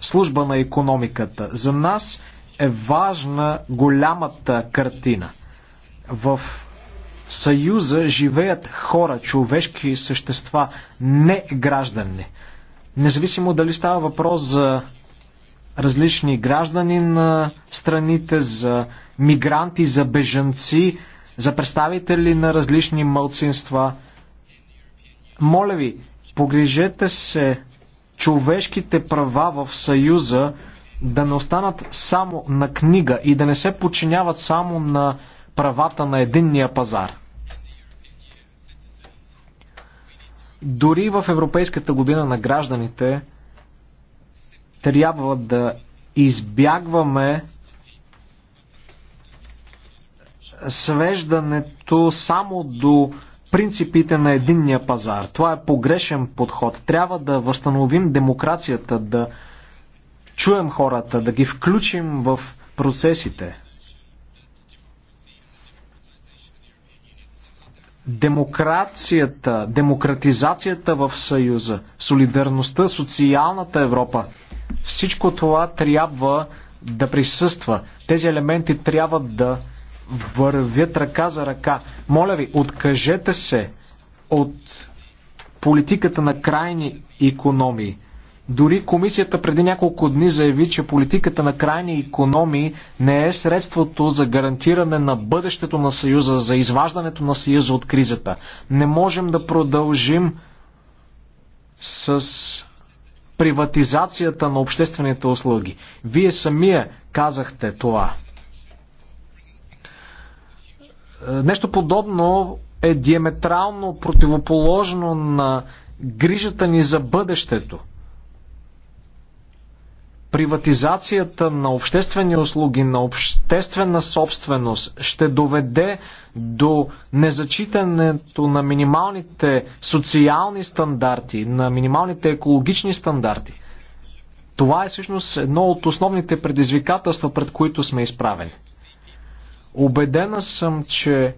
служба на економиката. За нас е важна голямата картина. В Съюза живеят хора, човешки същества, не граждани. Независимо дали става въпрос за различни граждани на страните, за мигранти, за бежанци, за представители на различни мълцинства. Моля ви, погрижете се човешките права в Съюза да не останат само на книга и да не се подчиняват само на правата на единния пазар. Дори в Европейската година на гражданите трябва да избягваме свеждането само до принципите на единния пазар. Това е погрешен подход. Трябва да възстановим демокрацията, да чуем хората, да ги включим в процесите. Демокрацията, демократизацията в Съюза, солидарността, социалната Европа, всичко това трябва да присъства. Тези елементи трябва да вървят ръка за ръка. Моля ви, откажете се от политиката на крайни економии. Дори комисията преди няколко дни заяви, че политиката на крайни економии не е средството за гарантиране на бъдещето на Съюза, за изваждането на Съюза от кризата. Не можем да продължим с приватизацията на обществените услуги. Вие самия казахте това. Нещо подобно е диаметрално противоположно на грижата ни за бъдещето. Приватизацията на обществени услуги, на обществена собственост ще доведе до незачитането на минималните социални стандарти, на минималните екологични стандарти. Това е всъщност едно от основните предизвикателства, пред които сме изправени. Обедена съм, че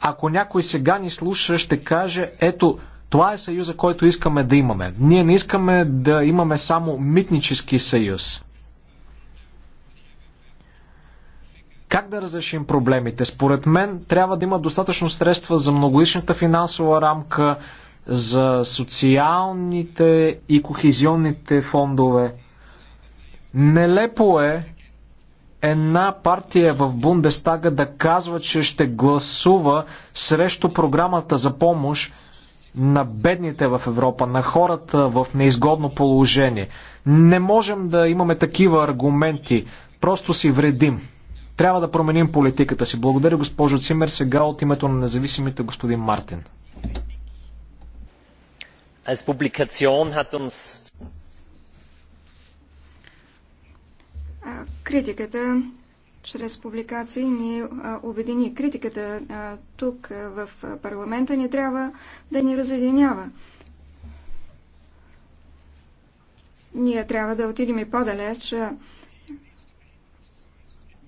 ако някой сега ни слуша, ще каже, ето, това е съюза, който искаме да имаме. Ние не искаме да имаме само митнически съюз. Как да разрешим проблемите? Според мен трябва да има достатъчно средства за многоличната финансова рамка, за социалните и кохезионните фондове. Нелепо е една партия в Бундестага да казва, че ще гласува срещу програмата за помощ на бедните в Европа, на хората в неизгодно положение. Не можем да имаме такива аргументи. Просто си вредим. Трябва да променим политиката си. Благодаря, госпожо Цимер. Сега от името на независимите господин Мартин. Als Publikation hat uns Критиката чрез публикации ни обедини. Критиката тук в парламента ни трябва да ни разединява. Ние трябва да отидем и по-далеч.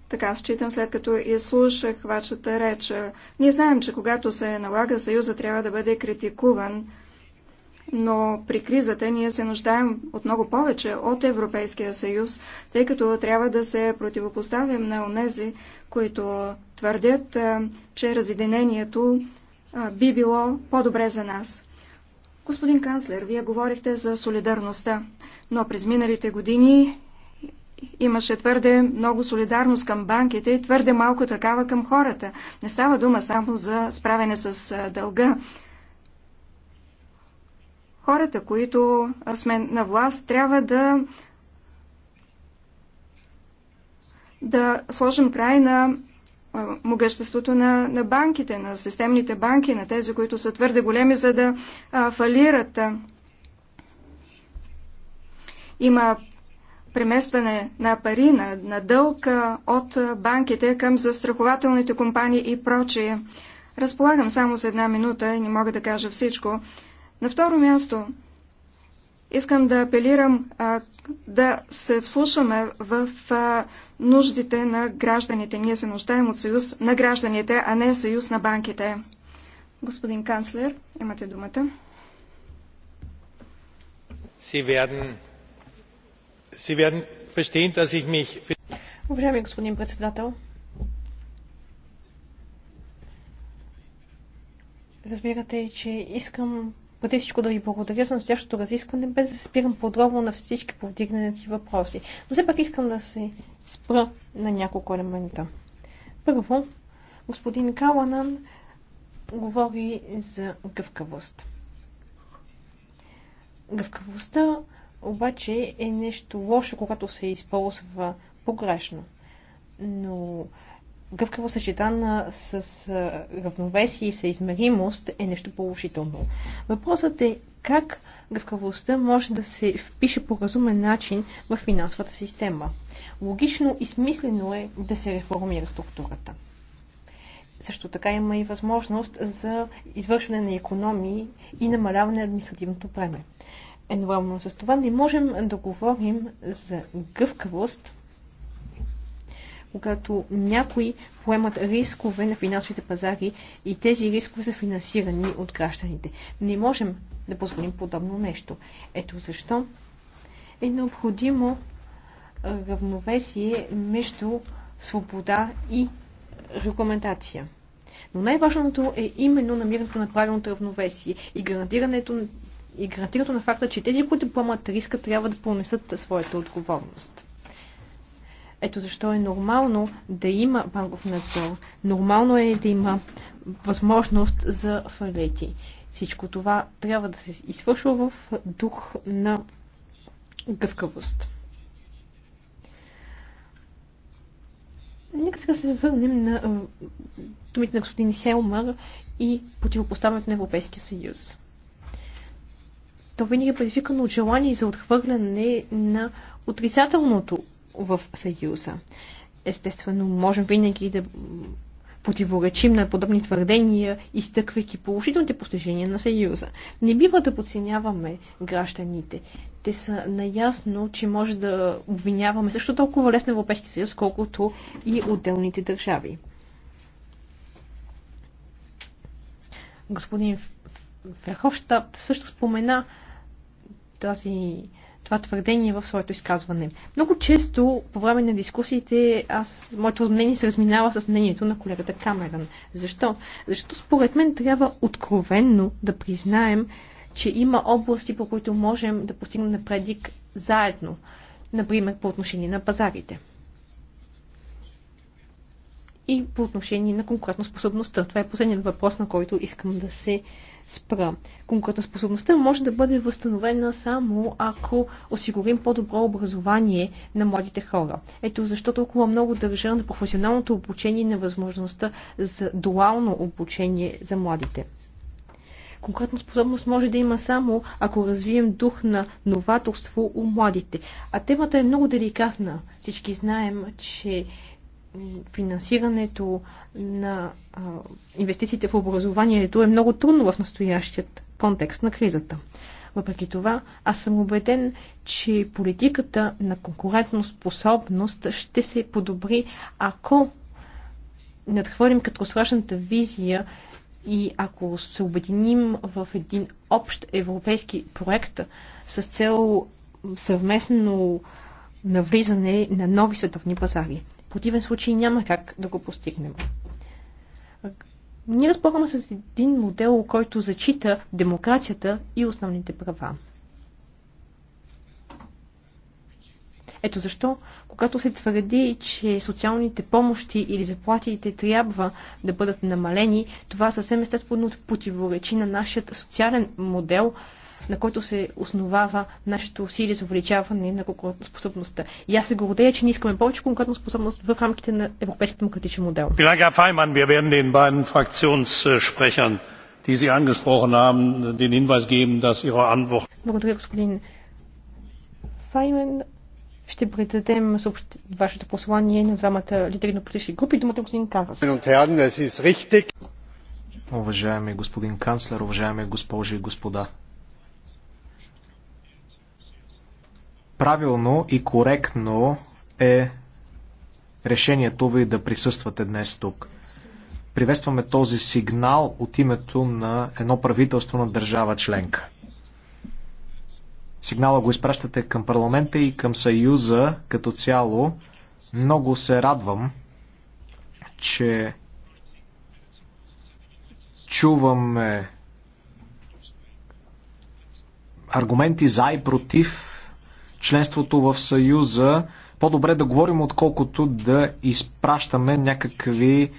Така считам, след като изслушах вашата реч. Ние знаем, че когато се налага съюза, трябва да бъде критикуван но при кризата ние се нуждаем от много повече от Европейския съюз, тъй като трябва да се противопоставим на онези, които твърдят, че разединението би било по-добре за нас. Господин канцлер, вие говорихте за солидарността, но през миналите години имаше твърде много солидарност към банките и твърде малко такава към хората. Не става дума само за справяне с дълга хората, които сме на власт, трябва да да сложим край на могъществото на, на банките, на системните банки, на тези, които са твърде големи, за да а, фалират. Има преместване на пари, на, на дълг от банките към застрахователните компании и прочие. Разполагам само за една минута и не мога да кажа всичко. На второ място, искам да апелирам а, да се вслушаме в а, нуждите на гражданите. Ние се нуждаем от съюз на гражданите, а не съюз на банките. Господин канцлер, имате думата. Sie werden, Уважаеми господин председател, разбирате, че искам преди всичко да ви благодаря за настоящото разискване, без да се спирам подробно на всички повдигнати въпроси. Но все пак искам да се спра на няколко елемента. Първо, господин Каланан говори за гъвкавост. Гъвкавостта обаче е нещо лошо, когато се използва погрешно. Но гъвкаво съчетана с равновесие и съизмеримост е нещо положително. Въпросът е как гъвкавостта може да се впише по разумен начин в финансовата система. Логично и смислено е да се реформира структурата. Също така има и възможност за извършване на економии и намаляване на административното бреме. Едновременно с това не можем да говорим за гъвкавост, когато някои поемат рискове на финансовите пазари и тези рискове са финансирани от гражданите. Не можем да позволим подобно нещо. Ето защо е необходимо равновесие между свобода и регламентация. Но най-важното е именно намирането на правилното равновесие и гарантирането, и гарантирането на факта, че тези, които поемат риска, трябва да понесат своята отговорност. Ето защо е нормално да има банков надзор. Нормално е да има възможност за фалети. Всичко това трябва да се извършва в дух на гъвкавост. Нека сега се върнем на думите на господин Хелмър и противопоставянето на Европейския съюз. То винаги е предизвикано от желание за отхвърляне на отрицателното в Съюза. Естествено, можем винаги да противоречим на подобни твърдения, изтъквайки положителните постижения на Съюза. Не бива да подценяваме гражданите. Те са наясно, че може да обвиняваме също толкова лесно Европейски съюз, колкото и отделните държави. Господин Верховщад също спомена тази това твърдение в своето изказване. Много често по време на дискусиите аз, моето мнение се разминава с мнението на колегата Камеран. Защо? Защото според мен трябва откровенно да признаем, че има области, по които можем да постигнем напредик заедно. Например, по отношение на пазарите и по отношение на конкурентоспособността. Това е последният въпрос, на който искам да се спра. Конкурентоспособността може да бъде възстановена само ако осигурим по-добро образование на младите хора. Ето защо толкова много държа на професионалното обучение и на възможността за дуално обучение за младите. Конкретно способност може да има само ако развием дух на новаторство у младите. А темата е много деликатна. Всички знаем, че финансирането на а, инвестициите в образованието е много трудно в настоящият контекст на кризата. Въпреки това, аз съм убеден, че политиката на конкурентоспособност ще се подобри, ако надхвърлим краткосрочната визия и ако се обединим в един общ европейски проект с цел съвместно навлизане на нови световни пазари противен случай няма как да го постигнем. Ние разполагаме с един модел, който зачита демокрацията и основните права. Ето защо, когато се твърди, че социалните помощи или заплатите трябва да бъдат намалени, това съвсем естествено противоречи на нашия социален модел, на който се основава нашето усилие за увеличаване на конкурентоспособността. И аз се гордея, че не искаме повече конкурентоспособност в рамките на европейския демократичен модел. Благодаря, господин Файмен. Ще предадем вашето послание на двамата лидери на политически групи. Думата е господин Карас. Уважаеми господин канцлер, уважаеми госпожи и господа. Правилно и коректно е решението ви да присъствате днес тук. Приветстваме този сигнал от името на едно правителство на държава членка. Сигнала го изпращате към парламента и към Съюза като цяло. Много се радвам, че чуваме аргументи за и против членството в Съюза, по-добре да говорим, отколкото да изпращаме някакви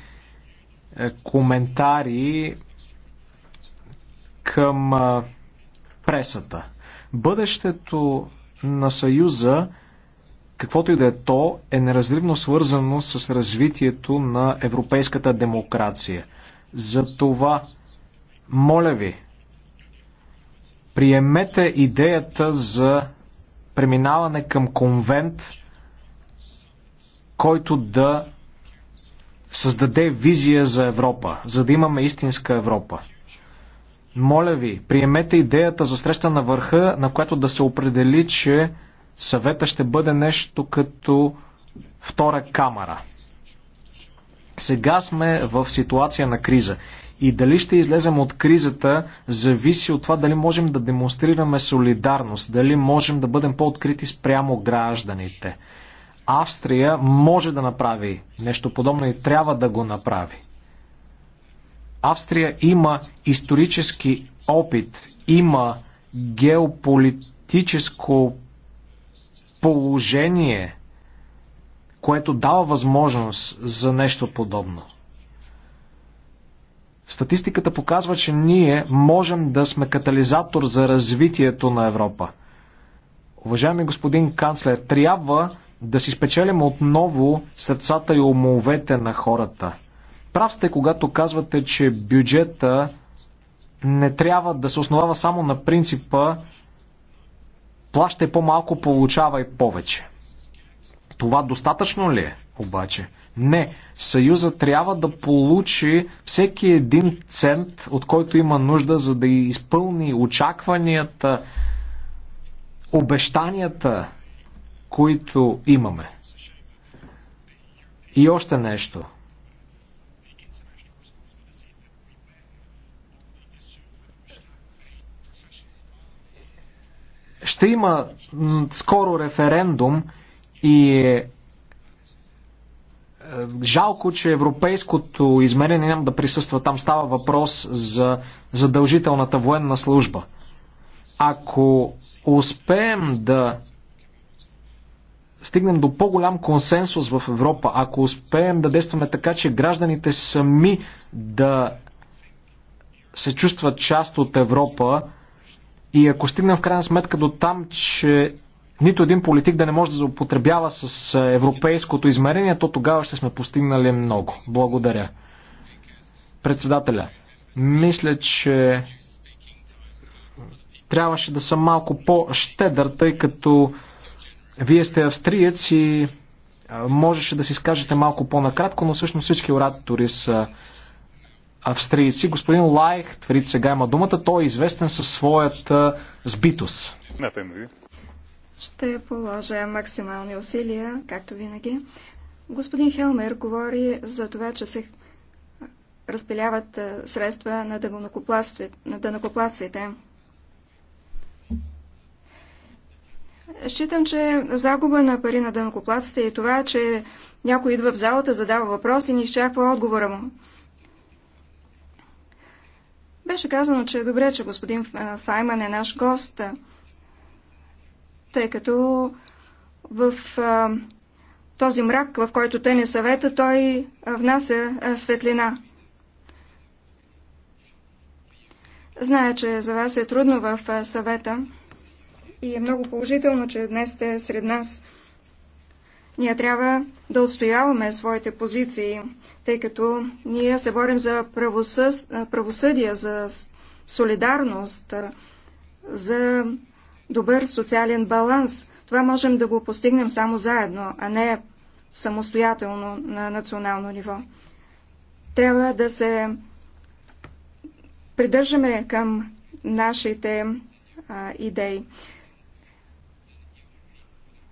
е, коментари към е, пресата. Бъдещето на Съюза, каквото и да е то, е неразривно свързано с развитието на европейската демокрация. Затова, моля ви, приемете идеята за преминаване към конвент, който да създаде визия за Европа, за да имаме истинска Европа. Моля ви, приемете идеята за среща на върха, на която да се определи, че съвета ще бъде нещо като втора камера. Сега сме в ситуация на криза и дали ще излезем от кризата зависи от това дали можем да демонстрираме солидарност, дали можем да бъдем по-открити спрямо гражданите. Австрия може да направи нещо подобно и трябва да го направи. Австрия има исторически опит, има геополитическо положение, което дава възможност за нещо подобно. Статистиката показва, че ние можем да сме катализатор за развитието на Европа. Уважаеми господин канцлер, трябва да си спечелим отново сърцата и умовете на хората. Прав сте, когато казвате, че бюджета не трябва да се основава само на принципа плащай по-малко, получавай повече. Това достатъчно ли е обаче? Не, Съюза трябва да получи всеки един цент, от който има нужда, за да изпълни очакванията, обещанията, които имаме. И още нещо. Ще има скоро референдум и е е, жалко, че европейското измерение няма да присъства там. Става въпрос за задължителната военна служба. Ако успеем да стигнем до по-голям консенсус в Европа, ако успеем да действаме така, че гражданите сами да се чувстват част от Европа и ако стигнем в крайна сметка до там, че нито един политик да не може да заупотребява с е, европейското измерение, то тогава ще сме постигнали много. Благодаря. Председателя, мисля, че трябваше да съм малко по-щедър, тъй като вие сте австриец и е, можеше да си скажете малко по-накратко, но всъщност всички оратори са австрийци. Господин Лайх, твърдите сега има думата, той е известен със своята сбитост. Ще положа максимални усилия, както винаги. Господин Хелмер говори за това, че се разпиляват е, средства на, дънакоплаците. Считам, че загуба на пари на дънакоплаците и е това, че някой идва в залата, задава въпрос и ни изчаква отговора му. Беше казано, че е добре, че господин Файман е наш гост тъй като в а, този мрак, в който те не съвета, той а, внася а, светлина. Зная, че за вас е трудно в а, съвета и е много положително, че днес сте сред нас. Ние трябва да отстояваме своите позиции, тъй като ние се борим за правосъ... правосъдие, за солидарност, за добър социален баланс. Това можем да го постигнем само заедно, а не самостоятелно на национално ниво. Трябва да се придържаме към нашите а, идеи.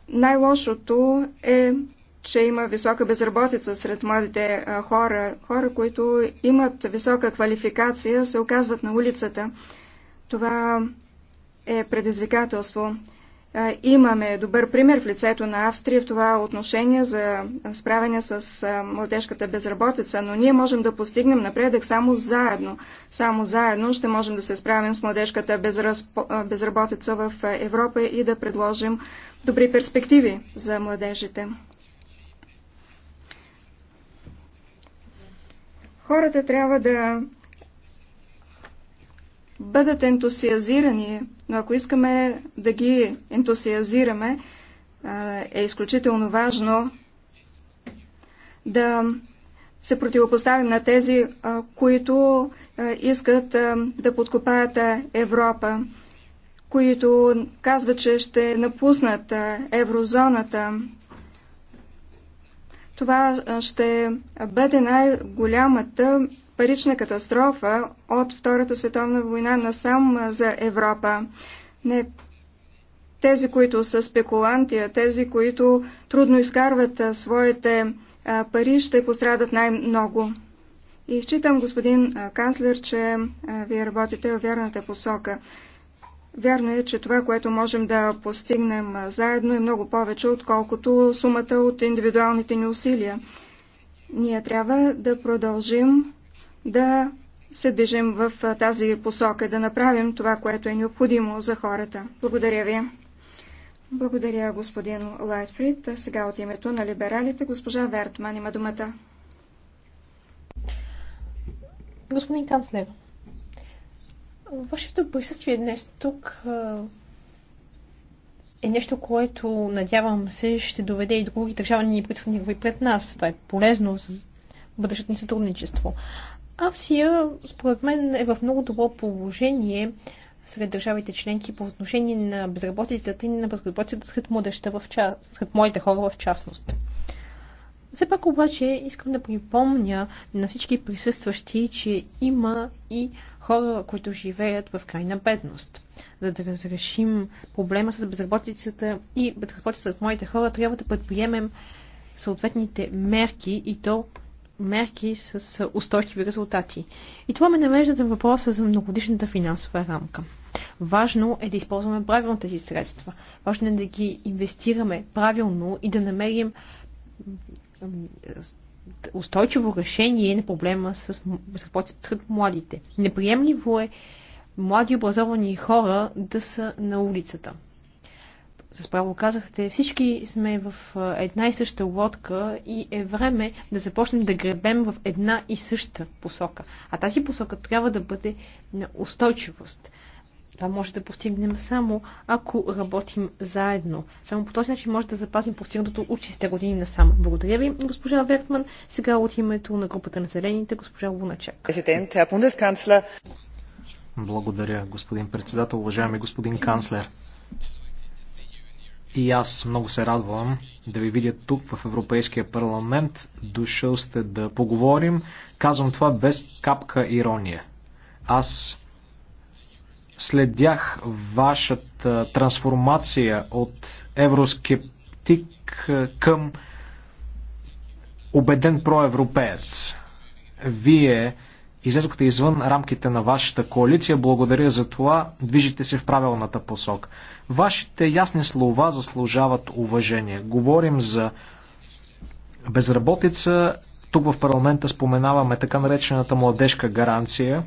Най-лошото е, че има висока безработица сред младите а, хора. Хора, които имат висока квалификация, се оказват на улицата. Това е предизвикателство. Имаме добър пример в лицето на Австрия в това отношение за справяне с младежката безработица, но ние можем да постигнем напредък само заедно. Само заедно ще можем да се справим с младежката безработица в Европа и да предложим добри перспективи за младежите. Хората трябва да бъдат ентусиазирани, но ако искаме да ги ентусиазираме, е изключително важно да се противопоставим на тези, които искат да подкопаят Европа, които казват, че ще напуснат еврозоната. Това ще бъде най-голямата парична катастрофа от Втората световна война насам за Европа. Не тези, които са спекуланти, а тези, които трудно изкарват своите пари, ще пострадат най-много. И считам, господин канцлер, че вие работите в вярната посока. Вярно е, че това, което можем да постигнем заедно е много повече, отколкото сумата от индивидуалните ни усилия. Ние трябва да продължим да се движим в тази посока, да направим това, което е необходимо за хората. Благодаря ви. Благодаря, господин Лайтфрид. Сега от името на либералите, госпожа Вертман има думата. Господин канцлер, Вашето присъствие днес тук е нещо, което надявам се ще доведе и други държавни представители пред нас. Това е полезно за бъдещето ни сътрудничество. Авсия, според мен, е в много добро положение сред държавите членки по отношение на безработицата и на безработицата сред младеща в част, сред моите хора в частност. Все пак обаче искам да припомня на всички присъстващи, че има и хора, които живеят в крайна бедност. За да разрешим проблема с безработицата и безработицата от моите хора, трябва да предприемем съответните мерки и то мерки с устойчиви резултати. И това ме навежда на въпроса за многодишната финансова рамка. Важно е да използваме правилно тези средства. Важно е да ги инвестираме правилно и да намерим устойчиво решение на проблема с безработицата сред младите. Неприемливо е млади образовани хора да са на улицата. За право казахте, всички сме в една и съща лодка и е време да започнем да гребем в една и съща посока. А тази посока трябва да бъде на устойчивост. Това може да постигнем само ако работим заедно. Само по този начин може да запазим постигнатото от 6 години насам. Благодаря ви, госпожа Вертман. Сега от името на групата на зелените, госпожа Луначак. Е Благодаря, господин председател, уважаеми господин канцлер. И аз много се радвам да ви видя тук в Европейския парламент. Дошъл сте да поговорим. Казвам това без капка ирония. Аз Следях вашата трансформация от евроскептик към убеден проевропеец. Вие излезохте извън рамките на вашата коалиция. Благодаря за това. Движите се в правилната посока. Вашите ясни слова заслужават уважение. Говорим за безработица. Тук в парламента споменаваме така наречената младежка гаранция.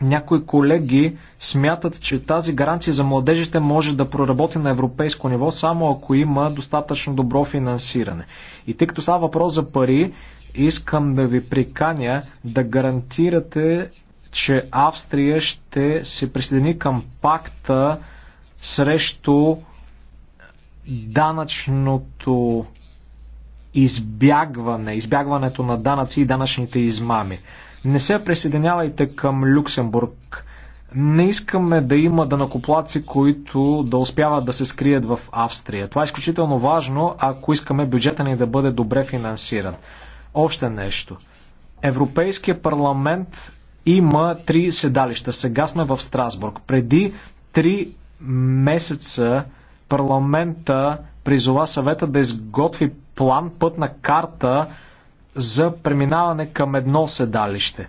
Някои колеги смятат, че тази гаранция за младежите може да проработи на европейско ниво, само ако има достатъчно добро финансиране. И тъй като става въпрос за пари, искам да ви приканя да гарантирате, че Австрия ще се присъедини към пакта срещу данъчното избягване, избягването на данъци и данъчните измами. Не се присъединявайте към Люксембург. Не искаме да има данакоплаци, които да успяват да се скрият в Австрия. Това е изключително важно, ако искаме бюджета ни да бъде добре финансиран. Още нещо. Европейския парламент има три седалища. Сега сме в Страсбург. Преди три месеца парламента призова съвета да изготви план, пътна карта за преминаване към едно седалище.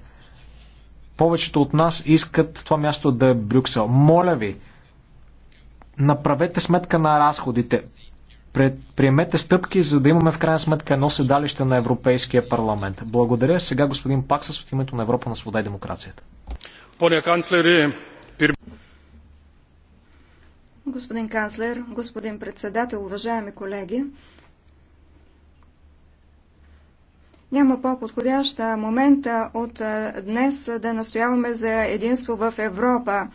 Повечето от нас искат това място да е Брюксел. Моля ви, направете сметка на разходите. Приемете стъпки, за да имаме в крайна сметка едно седалище на Европейския парламент. Благодаря. Сега господин Паксас от името на Европа на свобода и демокрацията. Господин канцлер, господин председател, уважаеми колеги, Няма по подходяща момента от днес да настояваме за единство в Европа.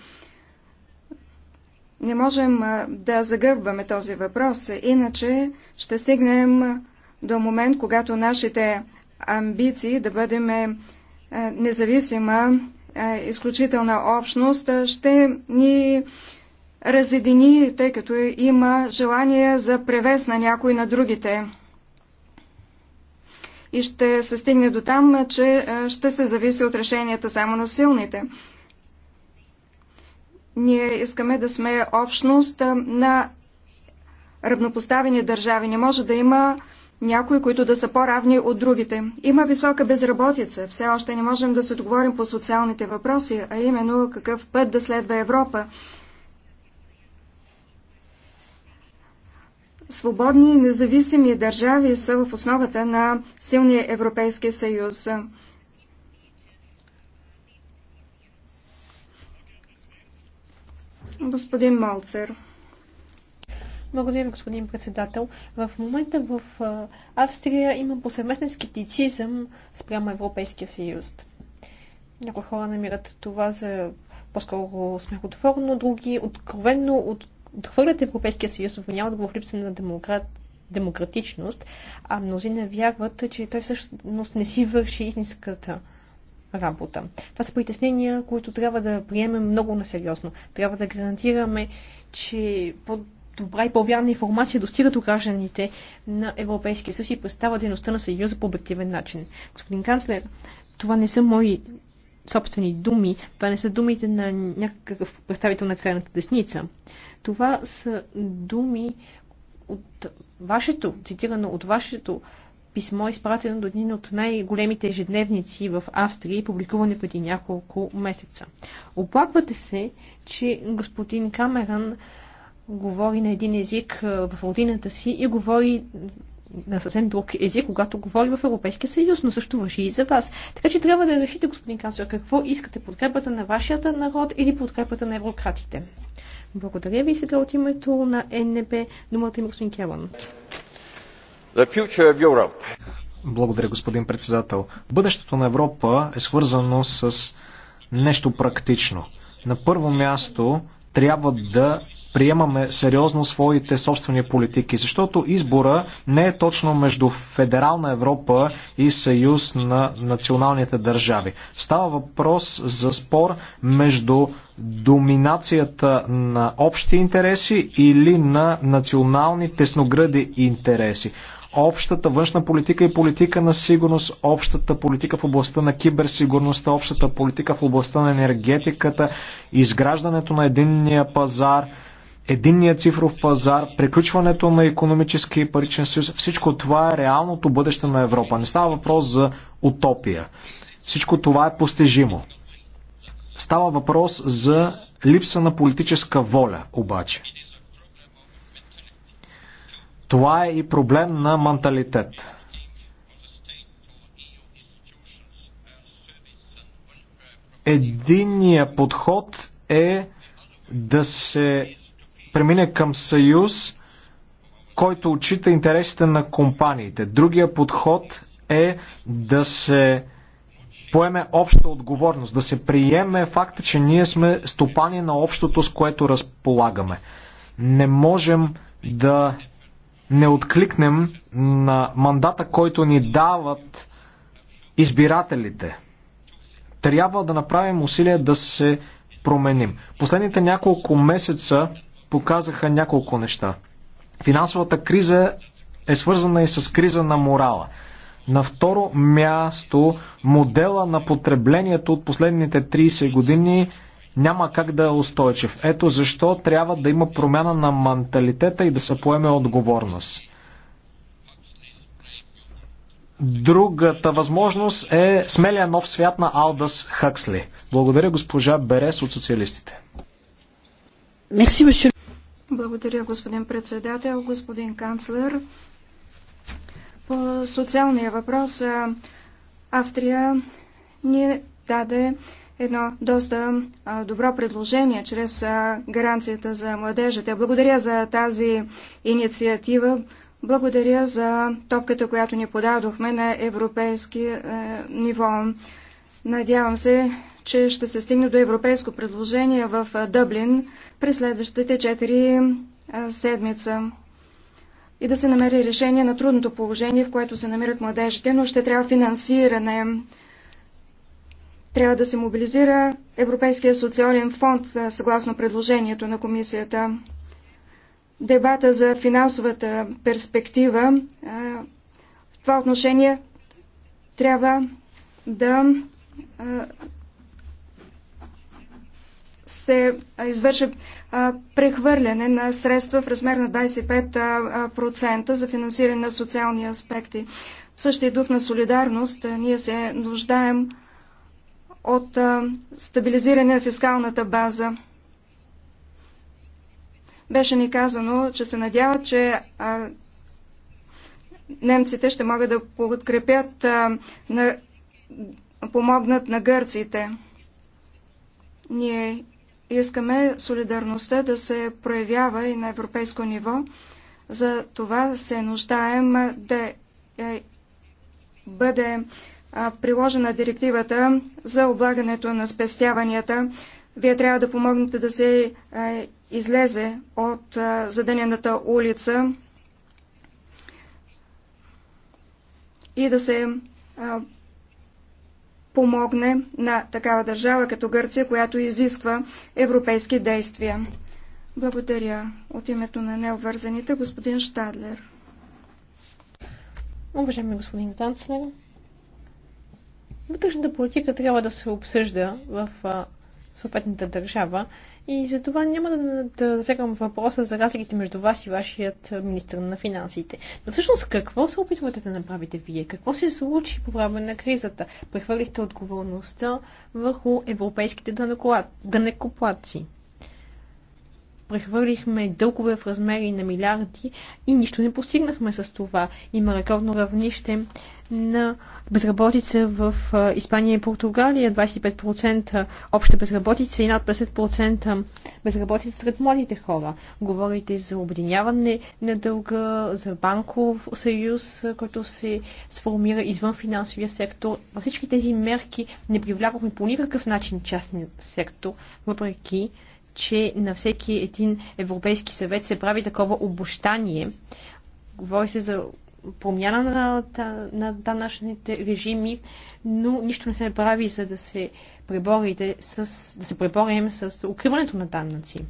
Не можем да загърбваме този въпрос, иначе ще стигнем до момент, когато нашите амбиции да бъдем независима, изключителна общност ще ни разедини, тъй като има желание за превес на някой на другите и ще се стигне до там, че ще се зависи от решенията само на силните. Ние искаме да сме общност на равнопоставени държави. Не може да има някои, които да са по-равни от другите. Има висока безработица. Все още не можем да се договорим по социалните въпроси, а именно какъв път да следва Европа. свободни и независими държави са в основата на силния Европейски съюз. Господин Молцер. Благодаря господин председател. В момента в Австрия има посеместен скептицизъм спрямо Европейския съюз. Някои хора намират това за по-скоро смехотворно, други откровенно от отхвърлят Европейския съюз, обвиняват го в липса на демократ, демократичност, а мнозина вярват, че той всъщност не си върши истинската работа. Това са притеснения, които трябва да приемем много насериозно. Трябва да гарантираме, че по-добра и по-вярна информация достига до гражданите на Европейския съюз и представя дейността на Съюза по обективен начин. Господин канцлер, това не са мои собствени думи, това не са думите на някакъв представител на крайната десница. Това са думи от вашето, цитирано от вашето писмо, изпратено до един от най-големите ежедневници в Австрия и публикуване преди няколко месеца. Оплаквате се, че господин Камеран говори на един език в родината си и говори на съвсем друг език, когато говори в Европейския съюз, но също въжи и за вас. Така че трябва да решите, господин канцлер, какво искате, подкрепата на вашата народ или подкрепата на еврократите. Благодаря ви. Сега от името на НБ думата има господин Келан. Благодаря, господин председател. Бъдещето на Европа е свързано с нещо практично. На първо място трябва да приемаме сериозно своите собствени политики, защото избора не е точно между федерална Европа и съюз на националните държави. Става въпрос за спор между доминацията на общи интереси или на национални тесногради интереси общата външна политика и политика на сигурност, общата политика в областта на киберсигурността, общата политика в областта на енергетиката, изграждането на единния пазар – единният цифров пазар, приключването на економически и паричен съюз, всичко това е реалното бъдеще на Европа. Не става въпрос за утопия. Всичко това е постижимо. Става въпрос за липса на политическа воля, обаче. Това е и проблем на менталитет. Единният подход е да се премине към съюз, който отчита интересите на компаниите. Другия подход е да се поеме обща отговорност, да се приеме факта, че ние сме стопани на общото, с което разполагаме. Не можем да не откликнем на мандата, който ни дават избирателите. Трябва да направим усилия да се променим. Последните няколко месеца показаха няколко неща. Финансовата криза е свързана и с криза на морала. На второ място, модела на потреблението от последните 30 години няма как да е устойчив. Ето защо трябва да има промяна на менталитета и да се поеме отговорност. Другата възможност е смелия нов свят на Алдас Хъксли. Благодаря госпожа Берес от социалистите. Мерси, благодаря, господин председател, господин канцлер. По социалния въпрос Австрия ни даде едно доста добро предложение чрез гаранцията за младежите. Благодаря за тази инициатива. Благодаря за топката, която ни подадохме на европейски ниво. Надявам се, че ще се стигне до европейско предложение в Дъблин през следващите 4 седмица и да се намери решение на трудното положение, в което се намират младежите, но ще трябва финансиране. Трябва да се мобилизира Европейския социален фонд, съгласно предложението на комисията. Дебата за финансовата перспектива в това отношение трябва да се извърши прехвърляне на средства в размер на 25% за финансиране на социални аспекти. В същия дух на солидарност ние се нуждаем от стабилизиране на фискалната база. Беше ни казано, че се надяват, че немците ще могат да подкрепят, помогнат на гърците. Ние Искаме солидарността да се проявява и на европейско ниво. За това се нуждаем да е, бъде приложена директивата за облагането на спестяванията. Вие трябва да помогнете да се излезе от задънената улица и да се помогне на такава държава като Гърция, която изисква европейски действия. Благодаря. От името на необвързаните, господин Штадлер. Уважаеми господин танцлер. вътрешната политика трябва да се обсъжда в съответната държава и за това няма да, да засягам въпроса за разликите между вас и вашият министр на финансите. Но всъщност какво се опитвате да направите вие? Какво се случи по време на кризата? Прехвърлихте отговорността върху европейските дънекоплаци. Прехвърлихме дългове в размери на милиарди и нищо не постигнахме с това. Има рекордно равнище на безработица в Испания и Португалия, 25% обща безработица и над 50% безработица сред младите хора. Говорите за обединяване на дълга, за банков съюз, който се сформира извън финансовия сектор. Във всички тези мерки не привлякохме по никакъв начин частния сектор, въпреки че на всеки един Европейски съвет се прави такова обощание. Говори се за промяна на, на, на данъчните режими, но нищо не се прави, за да се преборите с, да се преборим с укриването на данъци.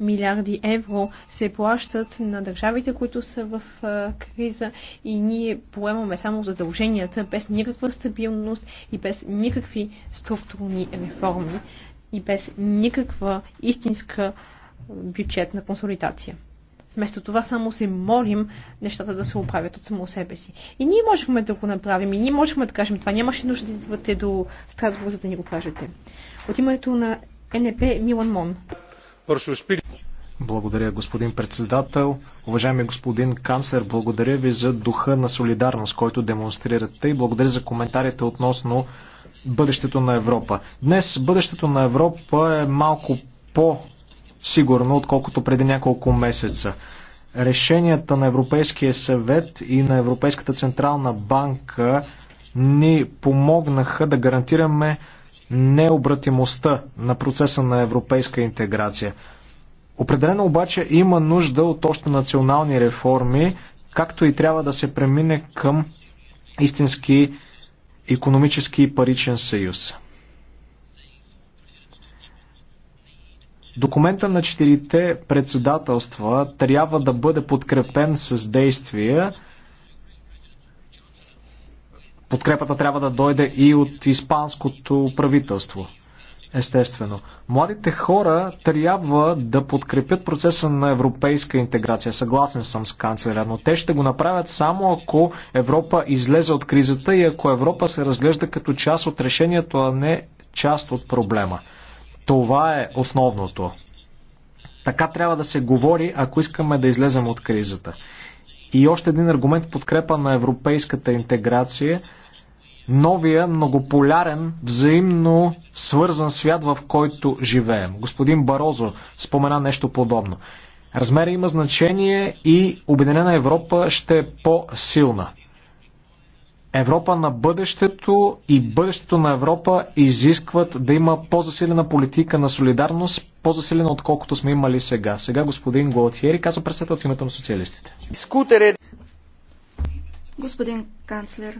Милиарди евро се плащат на държавите, които са в а, криза и ние поемаме само задълженията без никаква стабилност и без никакви структурни реформи и без никаква истинска бюджетна консолидация. Вместо това само се молим нещата да се оправят от само себе си. И ние можехме да го направим, и ние можехме да кажем това. Нямаше нужда да идвате до Страсбург, за да ни го кажете. От името на НП Милан Мон. Благодаря, господин председател. Уважаеми господин канцлер, благодаря ви за духа на солидарност, който демонстрирате и благодаря за коментарите относно бъдещето на Европа. Днес бъдещето на Европа е малко по сигурно, отколкото преди няколко месеца. Решенията на Европейския съвет и на Европейската централна банка ни помогнаха да гарантираме необратимостта на процеса на европейска интеграция. Определено обаче има нужда от още национални реформи, както и трябва да се премине към истински економически и паричен съюз. Документа на четирите председателства трябва да бъде подкрепен с действия. Подкрепата трябва да дойде и от испанското правителство. Естествено. Младите хора трябва да подкрепят процеса на европейска интеграция. Съгласен съм с канцлера, но те ще го направят само ако Европа излезе от кризата и ако Европа се разглежда като част от решението, а не част от проблема. Това е основното. Така трябва да се говори, ако искаме да излезем от кризата. И още един аргумент в подкрепа на европейската интеграция новия многополярен, взаимно свързан свят, в който живеем. Господин Барозо спомена нещо подобно. Размера има значение и Обединена Европа ще е по-силна. Европа на бъдещето и бъдещето на Европа изискват да има по-засилена политика на солидарност, по-засилена отколкото сме имали сега. Сега господин Голтиери казва председател от името на социалистите. Скутере! Господин канцлер,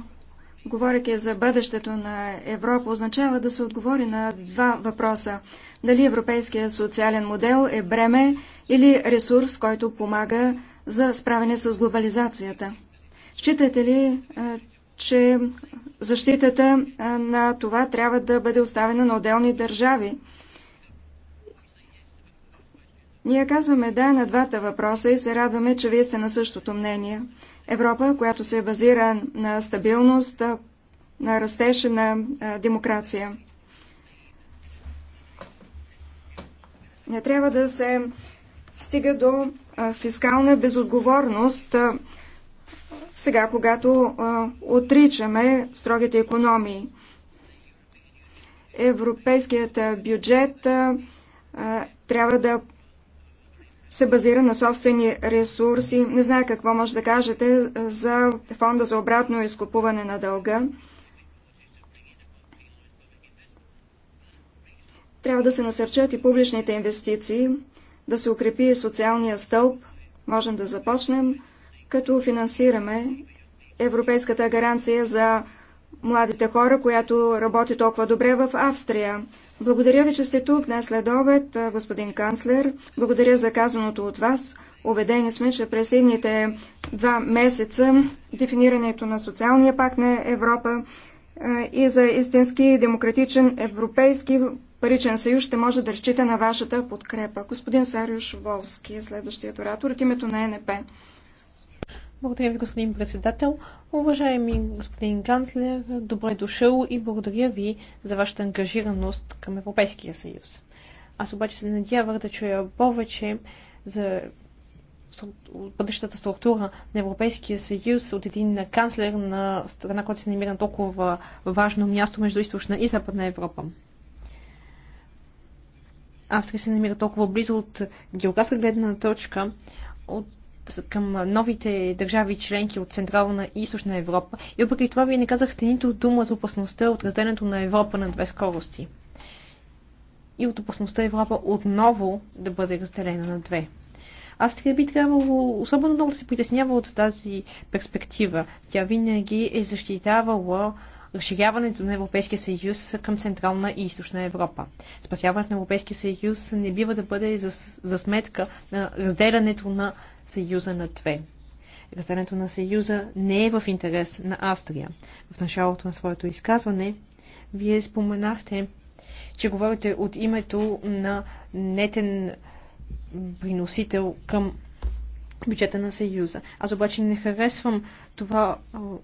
говоряки за бъдещето на Европа, означава да се отговори на два въпроса. Дали европейския социален модел е бреме или ресурс, който помага за справяне с глобализацията? Считате ли, е, че защитата на това трябва да бъде оставена на отделни държави. Ние казваме да на двата въпроса и се радваме, че вие сте на същото мнение. Европа, която се базира на стабилност, на растеж на демокрация. Не трябва да се стига до фискална безотговорност сега, когато а, отричаме строгите економии. Европейският бюджет а, а, трябва да се базира на собствени ресурси. Не знае какво може да кажете за фонда за обратно изкупуване на дълга. Трябва да се насърчат и публичните инвестиции, да се укрепи социалния стълб. Можем да започнем като финансираме Европейската гаранция за младите хора, която работи толкова добре в Австрия. Благодаря ви, че сте тук днес след обед, господин канцлер. Благодаря за казаното от вас. Обедени сме, че през едните два месеца дефинирането на социалния пакт на Европа и за истински демократичен европейски паричен съюз ще може да разчита на вашата подкрепа. Господин Сариуш Волски е следващият оратор от името на НП. Благодаря ви, господин председател. Уважаеми господин канцлер, добре дошъл и благодаря ви за вашата ангажираност към Европейския съюз. Аз обаче се надявах да чуя повече за бъдещата структура на Европейския съюз от един канцлер на страна, която се намира на толкова важно място между източна и западна Европа. Австрия се намира толкова близо от географска гледна точка, от към новите държави членки от Централна и Източна Европа. И въпреки това вие не казахте нито дума за опасността от разделянето на Европа на две скорости. И от опасността Европа отново да бъде разделена на две. Австрия би трябвало особено много да се притеснява от тази перспектива. Тя винаги е защитавала разширяването на Европейския съюз към Централна и Източна Европа. Спасяването на Европейския съюз не бива да бъде за, за сметка на разделянето на съюза на две. Разделянето на съюза не е в интерес на Австрия. В началото на своето изказване вие споменахте, че говорите от името на нетен приносител към бюджета на Съюза. Аз обаче не харесвам това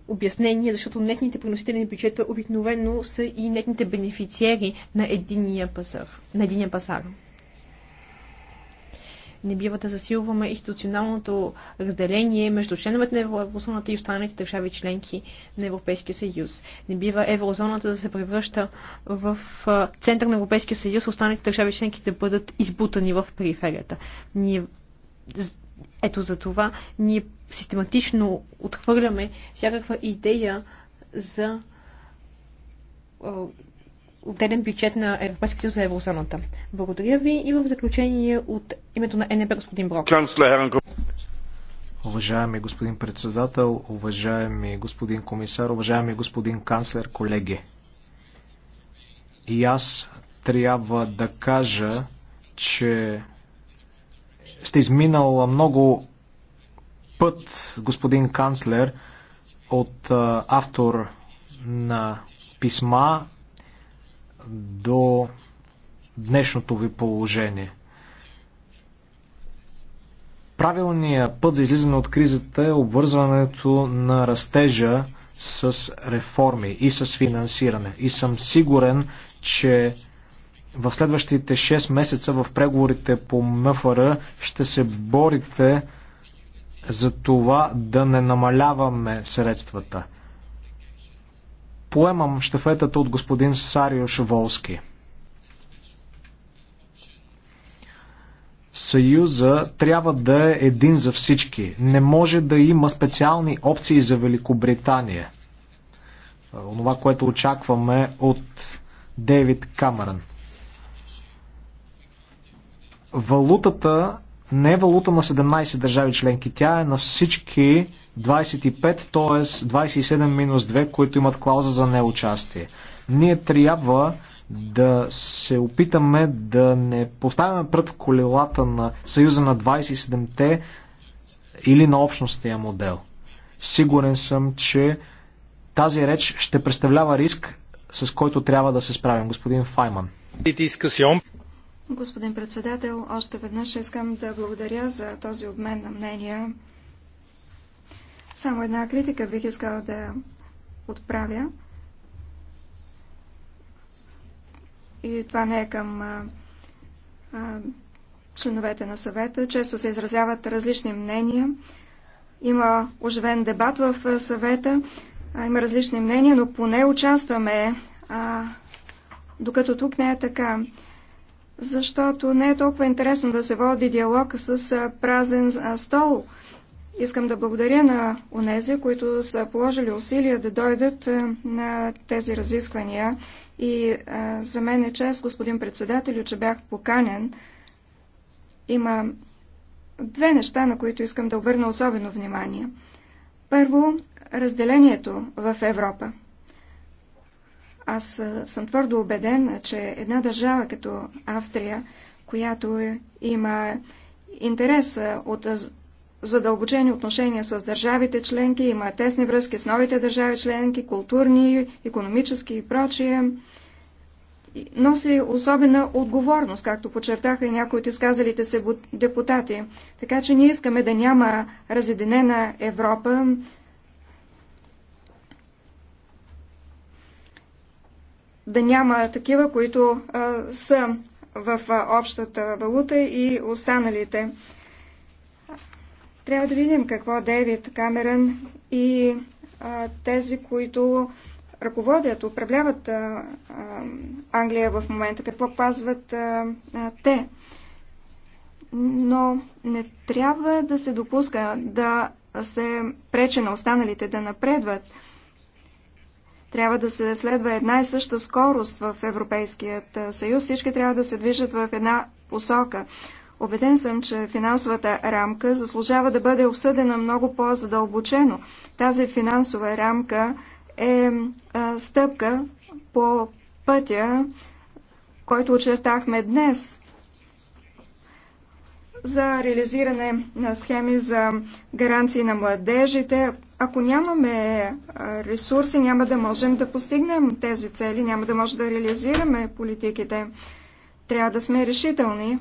обяснение, защото нетните приносители на бюджета обикновено са и нетните бенефициери на единия пазар. На единия пазар. Не бива да засилваме институционалното разделение между членовете на еврозоната и останалите държави членки на Европейския съюз. Не бива еврозоната да се превръща в център на Европейския съюз, останалите държави членки да бъдат избутани в периферията. Ние ето за това ние систематично отхвърляме всякаква идея за отделен бюджет на Европейския съюз за еврозоната. Благодаря ви и в заключение от името на НБ господин Брок. Уважаеми господин председател, уважаеми господин комисар, уважаеми господин канцлер, колеги. И аз трябва да кажа, че сте изминал много път, господин канцлер, от автор на писма до днешното ви положение. Правилният път за излизане от кризата е обвързването на растежа с реформи и с финансиране. И съм сигурен, че в следващите 6 месеца в преговорите по МФР ще се борите за това да не намаляваме средствата. Поемам щафетата от господин Сариош Волски. Съюза трябва да е един за всички. Не може да има специални опции за Великобритания. Онова, което очакваме от Дейвид Камерън валутата не е валута на 17 държави членки, тя е на всички 25, т.е. 27 минус 2, които имат клауза за неучастие. Ние трябва да се опитаме да не поставяме пред колелата на Съюза на 27-те или на общностния модел. Сигурен съм, че тази реч ще представлява риск, с който трябва да се справим, господин Файман. Господин председател, още веднъж искам да благодаря за този обмен на мнения. Само една критика бих искала да отправя. И това не е към а, а, членовете на съвета. Често се изразяват различни мнения. Има оживен дебат в съвета. А, има различни мнения, но поне участваме, а, докато тук не е така защото не е толкова интересно да се води диалог с празен стол. Искам да благодаря на онези, които са положили усилия да дойдат на тези разисквания. И а, за мен е чест, господин председател, че бях поканен. Има две неща, на които искам да обърна особено внимание. Първо, разделението в Европа. Аз съм твърдо убеден, че една държава като Австрия, която е, има интерес от задълбочени отношения с държавите членки, има тесни връзки с новите държави членки, културни, економически и прочие, носи особена отговорност, както подчертаха и някои от изказалите се депутати. Така че ние искаме да няма разединена Европа, да няма такива, които а, са в а, общата валута и останалите. Трябва да видим какво Дейвид Камерън и а, тези, които ръководят, управляват а, а, Англия в момента, какво пазват а, а, те. Но не трябва да се допуска да се прече на останалите да напредват. Трябва да се следва една и съща скорост в Европейският съюз. Всички трябва да се движат в една посока. Обеден съм, че финансовата рамка заслужава да бъде обсъдена много по-задълбочено. Тази финансова рамка е стъпка по пътя, който очертахме днес за реализиране на схеми за гаранции на младежите, ако нямаме ресурси, няма да можем да постигнем тези цели, няма да може да реализираме политиките. Трябва да сме решителни.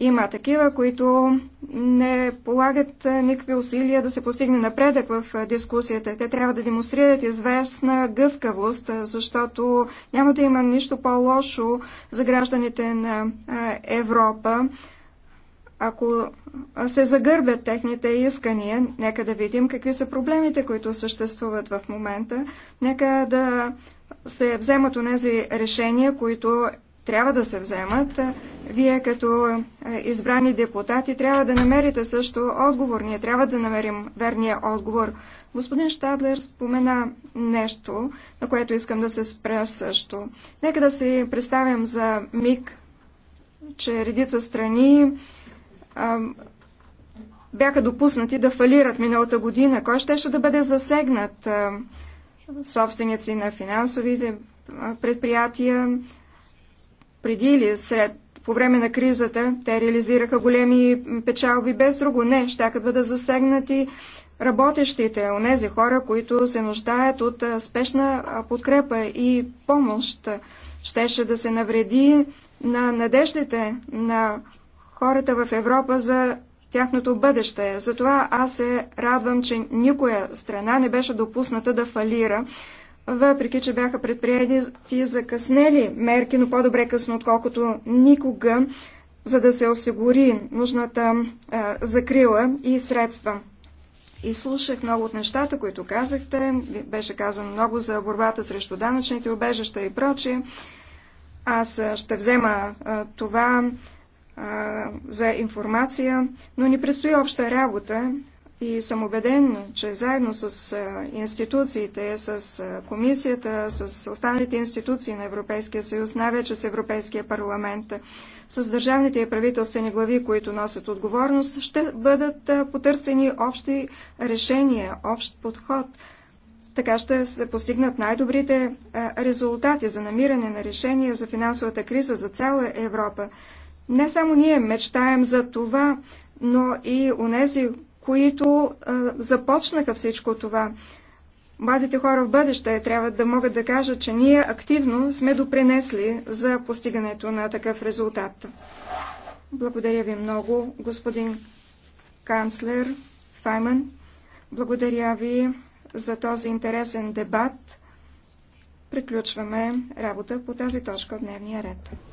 Има такива, които не полагат никакви усилия да се постигне напредък в дискусията. Те трябва да демонстрират известна гъвкавост, защото няма да има нищо по-лошо за гражданите на Европа ако се загърбят техните искания, нека да видим какви са проблемите, които съществуват в момента, нека да се вземат онези решения, които трябва да се вземат. Вие като е, избрани депутати трябва да намерите също отговор. Ние трябва да намерим верния отговор. Господин Штадлер спомена нещо, на което искам да се спря също. Нека да си представим за миг, че редица страни бяха допуснати да фалират миналата година, кой ще да бъде засегнат? Собственици на финансовите предприятия, преди или след, по време на кризата, те реализираха големи печалби, без друго не, ще да бъдат засегнати работещите, онези хора, които се нуждаят от спешна подкрепа и помощ. Щеше да се навреди на надеждите на хората в Европа за тяхното бъдеще. Затова аз се радвам, че никоя страна не беше допусната да фалира, въпреки че бяха предприяти закъснели мерки, но по-добре късно, отколкото никога, за да се осигури нужната а, закрила и средства. И слушах много от нещата, които казахте. Беше казано много за борбата срещу данъчните обежища и прочие. Аз ще взема а, това за информация, но ни предстои обща работа и съм убеден, че заедно с институциите, с комисията, с останалите институции на Европейския съюз, най-вече с Европейския парламент, с държавните и правителствени глави, които носят отговорност, ще бъдат потърсени общи решения, общ подход. Така ще се постигнат най-добрите резултати за намиране на решения за финансовата криза за цяла Европа. Не само ние мечтаем за това, но и унези, които а, започнаха всичко това. Младите хора в бъдеще трябва да могат да кажат, че ние активно сме допринесли за постигането на такъв резултат. Благодаря ви много, господин канцлер Файман. Благодаря ви за този интересен дебат. Приключваме работа по тази точка от дневния ред.